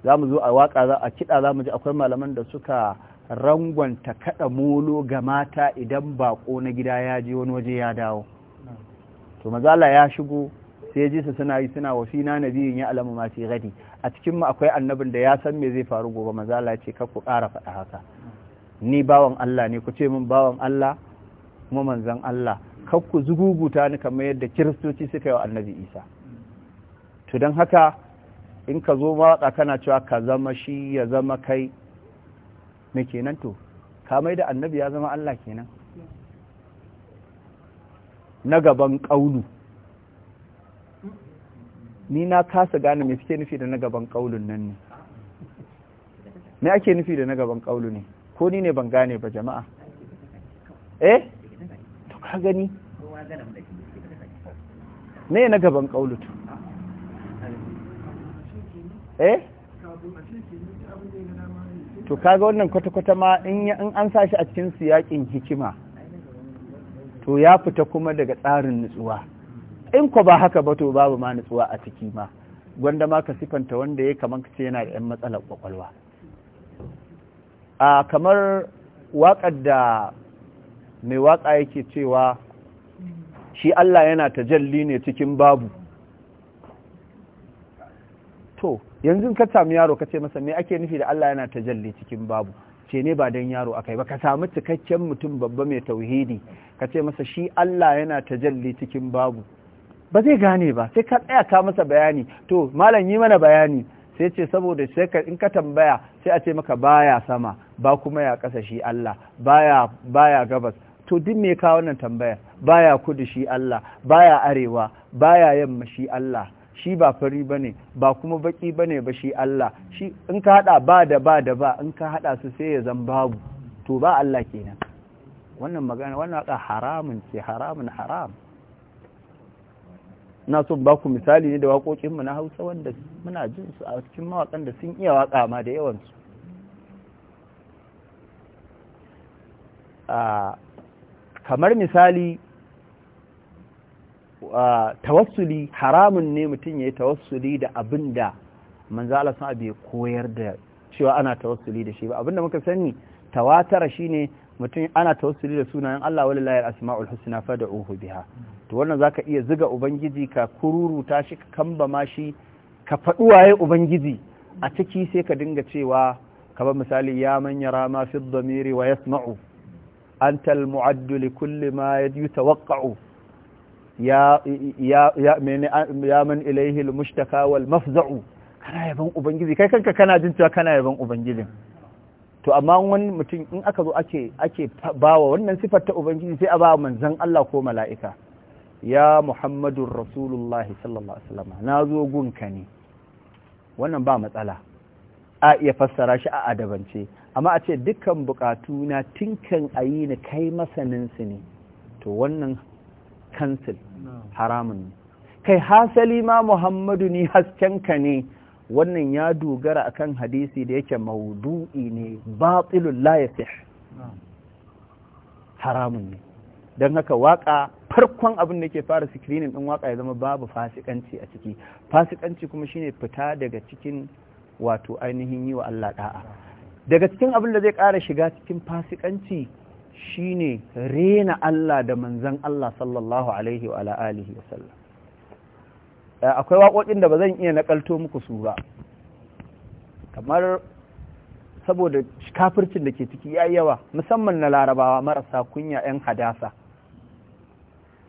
mu zo a waka za a za zamu ji akwai malaman da suka rangwanta kaɗa molo ga mata idan baƙo na gida ya je wani waje ya dawo to mazala ya shigo sai ji su suna yi suna wa nabiyin nabiyyin ya'lamu ma fi gadi a cikin mu akwai annabin da ya san me zai faru gobe mazala ce kar ku ƙara faɗa haka ni bawan Allah ne ku ce min bawan Allah kuma manzon Allah kakku zuguguta ni kamar yadda kiristoci suka yi wa annabi isa to don haka in ka zo mawaƙa kana cewa ka zama shi ya zama kai me kenan to ka mai da annabi ya zama allah kenan na gaban ƙaunu ni na kasa gane me suke nufi da na gaban ƙaunun nan ne me ake nufi da na gaban ƙaunu ne ko ni ne ban gane ba jama'a eh to ka gani ne na gaban kaulutu eh to kaga wannan kwata-kwata ma in an sa shi a cikin siyakin hikima to ya fita kuma daga tsarin nutsuwa in ko ba haka ba to babu ma nutsuwa a ciki ma gwanda ma ka sifanta wanda ya kamar kace yana da 'yan matsalar kwakwalwa a kamar waƙar da mai waƙa yake cewa shi Allah yana tajalli ne cikin babu to yanzu ka sami yaro ka ce masa me ake nufi da Allah yana tajalli cikin babu ce ne ba don yaro akai ba ka samu cikakken mutum babba mai tauhidi ka ce masa shi Allah yana tajalli cikin babu ba zai gane ba sai ka tsaya ka masa bayani to malam yi mana bayani sai ce saboda sai ka in ka tambaya sai a ce maka baya sama ba kuma ya kasa shi Allah baya gabas to duk me ka wannan tambayar baya kudu shi Allah baya arewa baya yamma shi Allah shi ba fari bane ba kuma baki bane ba shi Allah shi in ka hada ba da ba da ba in ka hada su sai ya zan babu to ba Allah kenan wannan magana wannan ka haramun ce haramun haram na so ba ku misali ne da waƙoƙin mu na Hausa wanda muna jin su a cikin mawakan da sun iya waka ma da yawan su ah, kamar misali tawassuli haramun ne mutum ya yi tawassuli da abin da manzo Allah sun abu koyar da cewa ana tawassuli da shi ba abinda muka sani tawatara shine mutum ana tawassuli da sunayen Allah walillahi asmaul husna fad'uhu biha to wannan zaka iya ziga ubangiji ka kururuta shi ka kamba ma shi ka fadu waye ubangiji a ciki sai ka dinga cewa kamar misali ya manya rama fi dhamiri wa yasma'u anta al-mu'addu li kulli ma yutawaqqa'u ya mene ya man ilaihi almushtaka wal mafza'u kana yaban ubangiji kai kanka kana jin cewa kana yaban ubangijin to amma wani mutum in aka zo ake ake bawa wannan sifar ta ubangiji sai a ba manzon Allah ko mala'ika ya Muhammadu rasulullah sallallahu alaihi wasallam na zo gunka ne wannan ba matsala a iya fassara shi a adabance amma a ce dukkan bukatu na tinkan ayi ni kai masanin su ne to wannan kansil haramun kai hasali ma muhammadu ni haskenka ne wannan ya dogara akan hadisi da yake maudu'i ne batilun la haramun ne don haka waka farkon abin da ke fara screening din waka ya zama babu fasikanci a ciki fasikanci kuma shine fita daga cikin wato ainihin yi wa Allah da'a daga cikin abin da zai kara shiga cikin fasikanci shine rena Allah da manzan Allah sallallahu alaihi wa alihi sallam. Eh, akwai waƙoƙin da ba zan iya nakalto muku su ba kamar saboda kafircin da ke ciki ya yawa musamman na larabawa marasa kunya 'yan hadasa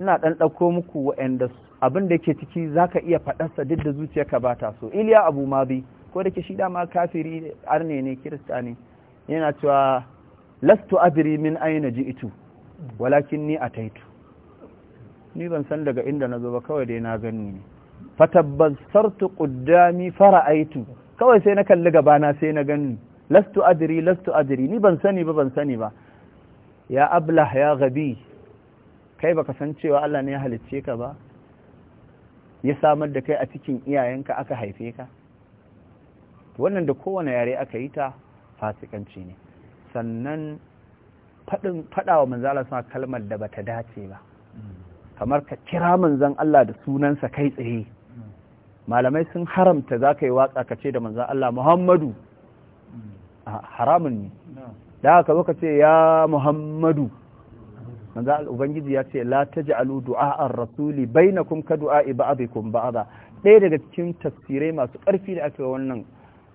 ina ɗan ɗauko muku wa'anda abin da ke ciki za ka iya faɗarsa duk da zuciya ka bata so iliya abu mabi ko da ke shi dama kafiri arne ne kirista yana cewa lastu adri min aina ji'tu walakinni ataitu ni ban san daga inda nazo ba kawai dai na gani ne fatabbasartu quddami fara'aitu kawai sai na kalli gabana sai na gani lastu adri lastu adri ni ban sani ba ban sani ba ya ablah ya gabi kai baka san cewa Allah ne ya halicce ka ba ya samar da kai a cikin iyayenka aka haife ka wannan da kowane yare aka yi ta fasikanci ne sannan faɗin faɗawa manzala suna kalmar da bata dace ba kamar ka kira manzan Allah da sunansa kai tsaye malamai sun haramta za ka yi waƙa ka ce da manzan Allah Muhammadu haramun ne da aka zo ka ce ya Muhammadu manzan Ubangiji ya ce la ta ji alu du'a'ar rasuli bai na kum ka iba abai kun ba ba ɗaya daga cikin tafsirai masu ƙarfi da aka wannan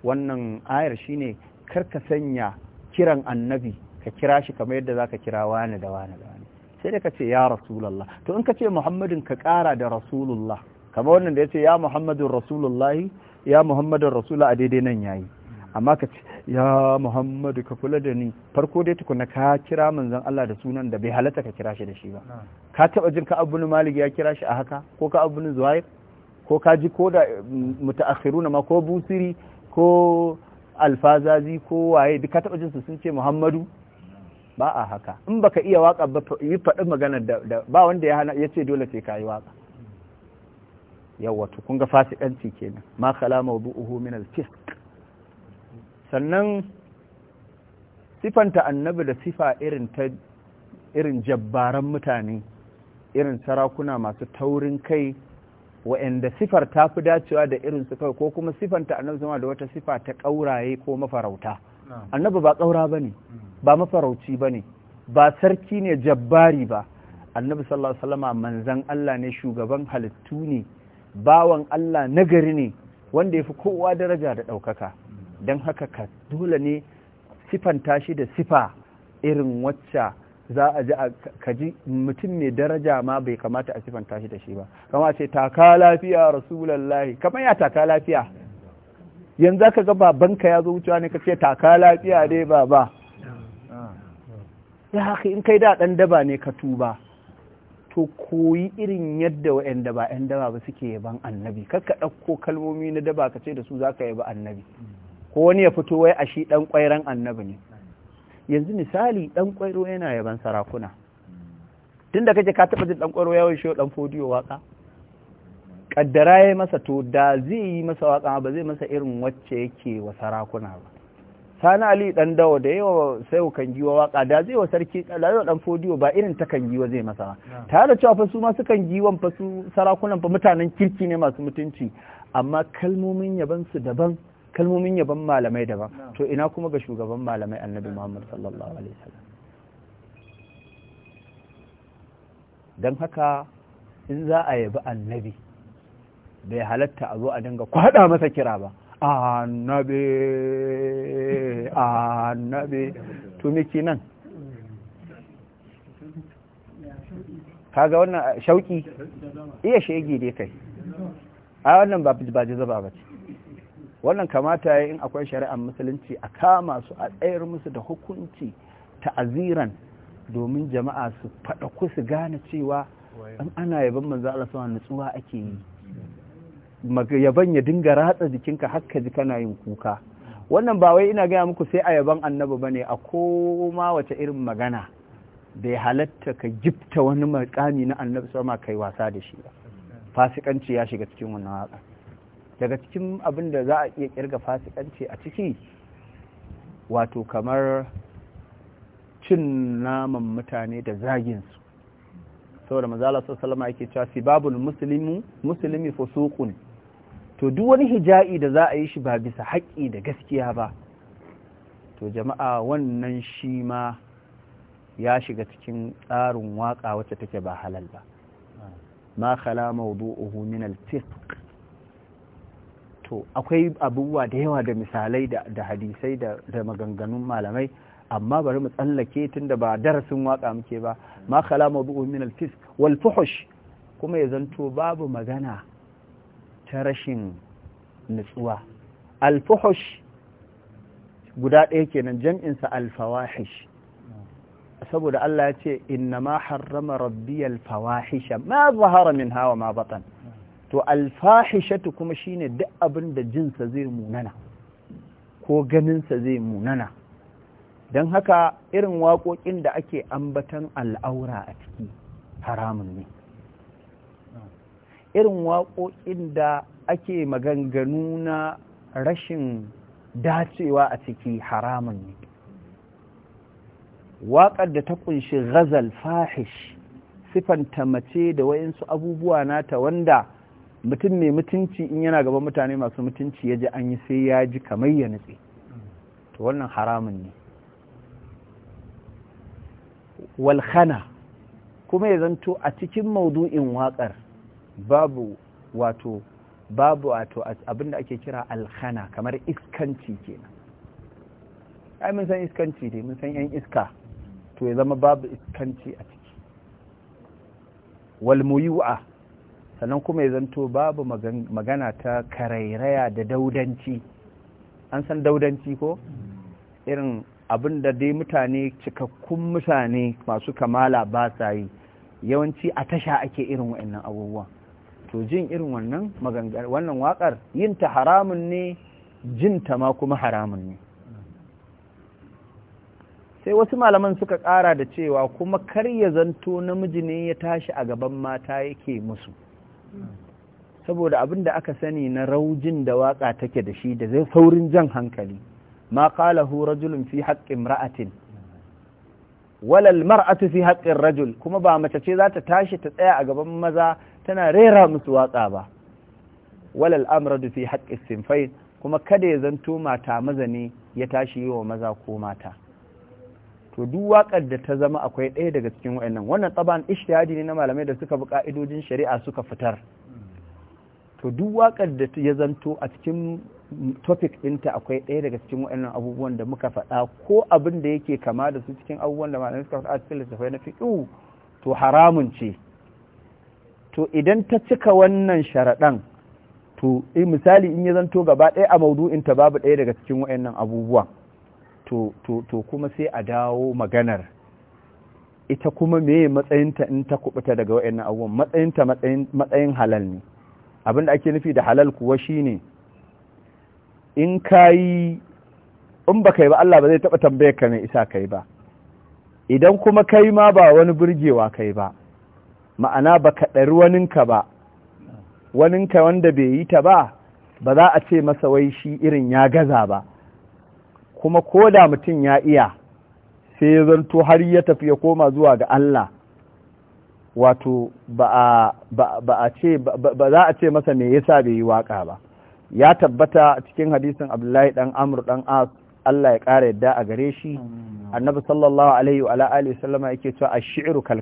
wannan ayar shine kar ka sanya kiran annabi ka kira shi kamar yadda za ka kira wani da wani da wani sai da ka ce ya rasulallah. to in ka ce muhammadin ka kara da rasulullah kamar wannan da ya ce ya muhammadin rasulullahi ya muhammadin rasula a daidai nan yayi amma ka ce ya muhammadu ka kula da ni farko dai tukuna ka kira manzon Allah da sunan da bai halatta ka kira shi da shi ba ka taba jin ka abun malik ya kira shi a haka ko ka abun zuwair ko ka ji ko da mm, mutaakhiruna ma ko busiri ko alfazazi ko waye duk ka taɓa jinsu sun ce muhammadu ba a haka in baka iya waka ba yi faɗi maganar da ba wanda ya ce dole sai ka yi waka yawa to kun ga fasikanci kenan ma kala mawdu'uhu min al-fisq sannan sifanta annabi da sifa irin ta irin jabbaran mutane irin sarakuna masu taurin kai wa'anda sifar ta fi dacewa da irin su kawai ko kuma sifanta annabi zama da wata sifa ta ƙauraye ko mafarauta annabi ba ƙaura ba ne hmm. ba mafarauci ba ne ba sarki ne jabbari ba annabi sallallahu alaihi wasallama manzan Allah ne shugaban halittu ne bawan Allah nagari ne wanda ya fi kowa daraja da ɗaukaka hmm. don haka ka dole ne sifanta shi da sifa irin wacce za a ji ka ji mutum mai daraja ma bai kamata a sifanta shi da shi ba kama ce taka lafiya rasulullahi kamar ya taka lafiya yanzu aka ga babanka ya zo wucewa ne ka ce taka lafiya dai baba ya haka in kai da ɗan daba ne ka tuba to koyi irin yadda wa'yan daba 'yan daba ba suke yaban annabi kakka ɗauko kalmomi na daba ka ce da su za ka yaba annabi ko wani ya fito wai a shi ɗan ƙwairan annabi ne yanzu misali ɗan ƙwairo yana yaban sarakuna tun da kake ka taɓa jin ɗan ƙwairo yawon shi ɗan fodiyo waka. ƙaddara ya yi masa to da zai yi masa waka ba zai masa irin wacce yake wa sarakuna ba sani ali ɗan dawo da yawa sai wa kan giwa waka da zai wa sarki da wa ɗan fodiyo ba irin ta kan giwa zai masa ba Ta da cewa fa su ma su kan giwan fa su sarakunan fa mutanen kirki ne masu mutunci amma kalmomin yabansu daban kalmomin yaban malamai daban to ina kuma ga shugaban malamai annabi Muhammad sallallahu alaihi wasallam don haka in za a yabi annabi bai halatta a zo a dinga kwada masa kira ba annabi annabi to me kenan kaga wannan shauki iya shege dai kai a wannan ba ba zaba ba ce wannan kamata ya in akwai shari'ar musulunci a kama su a tsayar musu da hukunci ta'aziran domin jama'a su faɗa ku su gane cewa an ana yaban manzo Allah wasallam nutsuwa ake yi yaban ya dinga ratsa jikinka ka ji kana yin kuka wannan ba wai ina gaya muku sai a yaban annabi bane a koma wace irin magana da ya halatta ka gifta wani makami na annabi sama kai wasa da shi fasikanci ya shiga cikin wannan haka daga cikin abin da za a iya kirga fasikanci a ciki wato kamar cin naman mutane da zaginsu saboda mazala salama yake cewa sibabul muslimu Musulmi fusuqun to duk wani hija'i da za a yi shi ba bisa haƙƙi da gaskiya ba to jama'a wannan shi ma ya shiga cikin tsarin waƙa wacce take ba halal ba ma khala mawdu'uhu min al-fisq to akwai abubuwa da yawa da misalai da hadisai da maganganun malamai amma bari mu tsallake tun da ba darasin waka muke ba ma khala mabu'u min al-fisk wal fuhush kuma ya zanto babu magana ta rashin nutsuwa al fuhush guda ɗaya kenan jam'in sa al fawahish saboda Allah ya ce inna ma harrama rabbi al fawahisha ma zahara minha wa ma batan to alfahishatu kuma shine duk abin da jinsa zai munana ko ganinsa zai munana don haka irin waƙoƙin da ake ambatan al'aura a ciki haramun ne irin waƙoƙin da ake maganganu na rashin dacewa a ciki haramun ne waƙar da ta ƙunshi ghazal fahish sifanta mace da wayansu abubuwa nata wanda mutum ne mutunci in yana gaban mutane masu mutunci ya ji an yi sai ya ji kamar ya nutse to wannan haramun ne walhana kuma ya zanto a cikin maudu'in waƙar babu wato babu wato abinda ake kira alhana kamar iskanci kenan ai mun san iskanci dai mun san yan iska to ya zama babu iskanci a ciki walmuyu'a sannan kuma ya zanto babu magana ta karairaya da daudanci an san daudanci ko irin abin da dai mutane cikakkun mutane masu kamala ba sa yi yawanci a tasha ake irin wa'annan abubuwa to jin irin wannan wannan waƙar yin ta haramun ne jin ta ma kuma haramun ne sai wasu malaman suka kara da cewa kuma kar ya zanto namiji ne ya tashi a gaban mata yake musu saboda abin da aka sani na raujin da waƙa take da shi da zai saurin jan hankali ma kala hu rajulun fi haƙƙin ra'atin walal mar'atu fi haƙƙin rajul kuma ba mace ce za ta tashi ta tsaya a gaban maza tana rera musu waƙa ba walal amradu fi haƙƙin sinfai kuma kada ya zanto mata maza ne ya tashi yi wa maza ko mata to duk waƙar da ta zama akwai ɗaya daga cikin wa'annan wannan tsaban ishtihadi ne na malamai da suka bi idojin shari'a suka fitar to duk waƙar da ya zanto a cikin topic ɗinta akwai ɗaya daga cikin wa'annan abubuwan da muka faɗa ko abin da yake kama da su cikin abubuwan da malamai suka faɗa a cikin littattafai na fiƙu to haramun ce to idan ta cika wannan sharaɗan to eh, misali in ya zanto gaba ɗaya a maudu'in ta babu ɗaya daga cikin wa'annan abubuwan to, kuma sai a dawo maganar ita kuma me matsayinta in ta kubuta daga wayannan abubuwan matsayinta matsayin halal ne abin da ake nufi da halal kuwa shine in yi, in baka yi ba Allah ba zai taba tambayar ka mai isa kai ba idan kuma kai ma ba wani burgewa kai ba ma'ana baka ɗari waninka ba waninka wanda bai yi ta ba ba za a ce masa wai shi irin ya gaza ba kuma ko da mutum ya iya sai ya zanto har ya tafi ya koma zuwa ga Allah wato ba a ce za a ce masa me yasa bai yi waka ba ya tabbata cikin hadisin Abdullahi dan amur dan As Allah ya ƙara yadda a gare shi annabi sallallahu alaihi wa alihi sallama yake cewa ash-shi'ru kal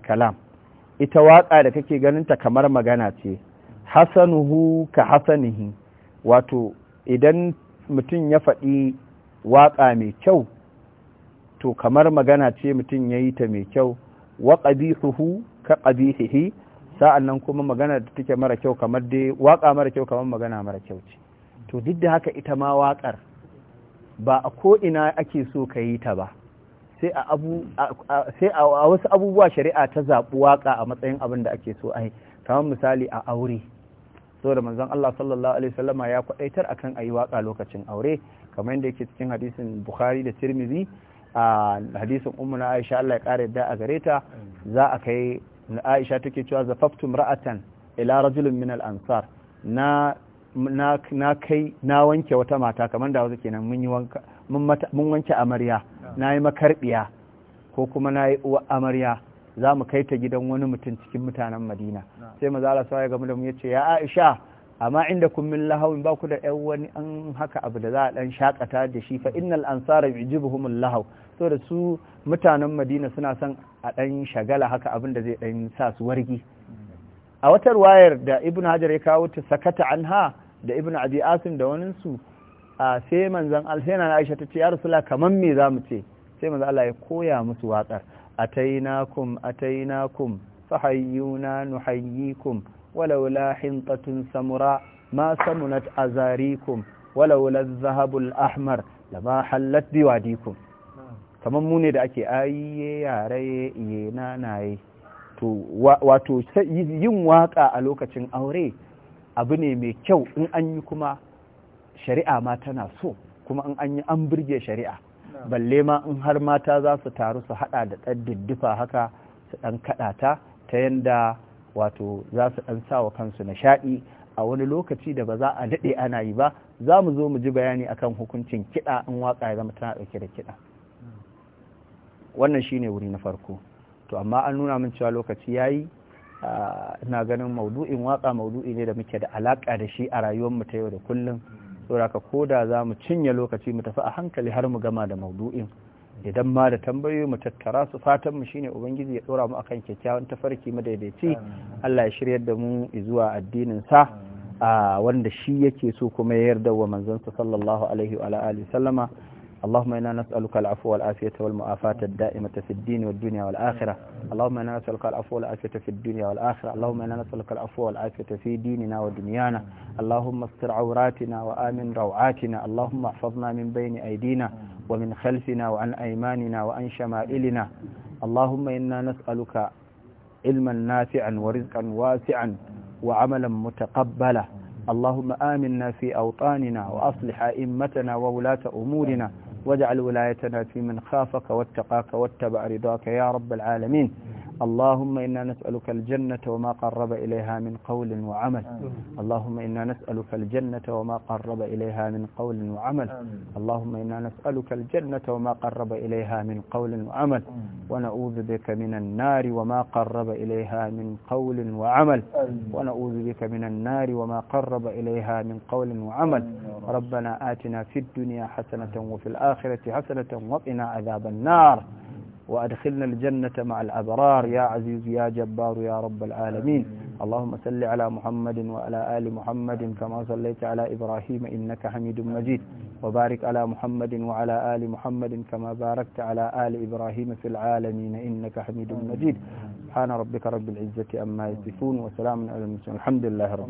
ita waka da kake ganin ta kamar magana ce hasanuhu ka hasanihi wato idan mutum ya faɗi waƙa mai kyau to kamar magana ce mutum ya yi ta mai kyau wa ƙabihuhu ka ƙabihihi sa'an nan kuma magana da take mara kyau kamar dai waƙa mara kyau kamar magana mara kyau ce to duk da haka ita ma waƙar ba a ko'ina ake so ka yi ta ba sai a wasu abubuwa shari'a ta zaɓi waƙa a matsayin abin da ake so ai kamar misali a aure saboda manzon Allah sallallahu alaihi wasallama ya kwadaitar akan yi waƙa lokacin aure kamar yadda yake cikin hadisin bukhari da tirmizi a hadisin umu na aisha Allah ya kara yadda a gare ta za a kai aisha take cewa zafaftum ra'atan ila rajulun min al-ansar na kai na wanke wata mata kamar da wasu kenan mun wanke amarya na yi makarbiya ko kuma na yi uwa amarya za mu kai ta gidan wani mutum cikin mutanen madina sai maza zala sai ya gamu da mu ya ce ya aisha amma inda kun min lahawin ba ku da ɗan wani an haka abu da za a ɗan shakata da shi fa innal ansara yujibuhumul lahaw to da su mutanen Madina suna son a ɗan shagala haka abin da zai ɗan sa su wargi a watar wayar da Ibn Hajar ya kawo ta sakata anha da Ibn Abi Asim da wani su a sai manzon Alsena Aisha ta ce ya Rasulullah kaman me za mu ce sai manzon Allah ya koya musu waƙar atainakum atainakum fahayyuna nuhayyikum ولولا حنطة samura ma سمنت azarikum ولولا zahabul الأحمر لما حلت بواديكم kamar mune da ake ayye yare iye nanaye to wato yin waka a lokacin aure abu ne mai kyau in an yi kuma shari'a ma tana so kuma in an yi an burge shari'a balle ma in har mata za su taru su hada da ɗan haka su ɗan kaɗata ta yanda. wato za su ɗan sawa kansu nishaɗi a wani lokaci da ba za a daɗe ana yi ba za mu zo mu ji bayani akan hukuncin kiɗa in waƙa ya zama tana ɗauke da kiɗa wannan shi ne wuri na farko to amma an nuna min cewa lokaci ya yi ina ganin maudu'in waƙa maudu'i ne da muke da alaƙa da shi a rayuwarmu ta yau da kullum saboda ko da za mu cinye lokaci mu tafi a hankali har mu gama da maudu'in idan ma da tambayoyi mu tattara su fatan mu shine ubangiji ya dora mu akan kyakkyawan tafarki madaidaici Allah ya shiryar da mu zuwa addinin sa wanda shi yake so kuma ya yarda wa manzon sallallahu alaihi wa alihi sallama اللهم إنا نسألك العفو والعافية والمعافاة الدائمة في الدين والدنيا والآخرة اللهم إنا نسألك العفو والعافية في الدنيا والآخرة اللهم إنا نسألك العفو والعافية في ديننا ودنيانا اللهم استر عوراتنا وآمن روعاتنا اللهم احفظنا من بين أيدينا ومن خلفنا وعن أيماننا وعن شمائلنا اللهم إنا نسألك علما نافعا ورزقا واسعا وعملا متقبلا اللهم آمنا في أوطاننا وأصلح أئمتنا وولاة أمورنا واجعل ولايتنا في من خافك واتقاك واتبع رضاك يا رب العالمين اللهم إنا نسألك الجنة وما قرب إليها من قول وعمل اللهم إنا نسألك الجنة وما قرب إليها من قول وعمل اللهم إنا نسألك الجنة وما قرب إليها من قول وعمل ونعوذ بك من النار وما قرب إليها من قول وعمل ونعوذ بك من النار وما قرب إليها من قول وعمل ربنا آتنا في الدنيا حسنة وفي الآخرة حسنة وقنا عذاب النار وأدخلنا الجنة مع الأبرار يا عزيز يا جبار يا رب العالمين اللهم صل على محمد وعلى آل محمد كما صليت على إبراهيم إنك حميد مجيد وبارك على محمد وعلى آل محمد كما باركت على آل إبراهيم في العالمين إنك حميد مجيد سبحان ربك رب العزة أما يصفون وسلام على المسلمين الحمد لله رب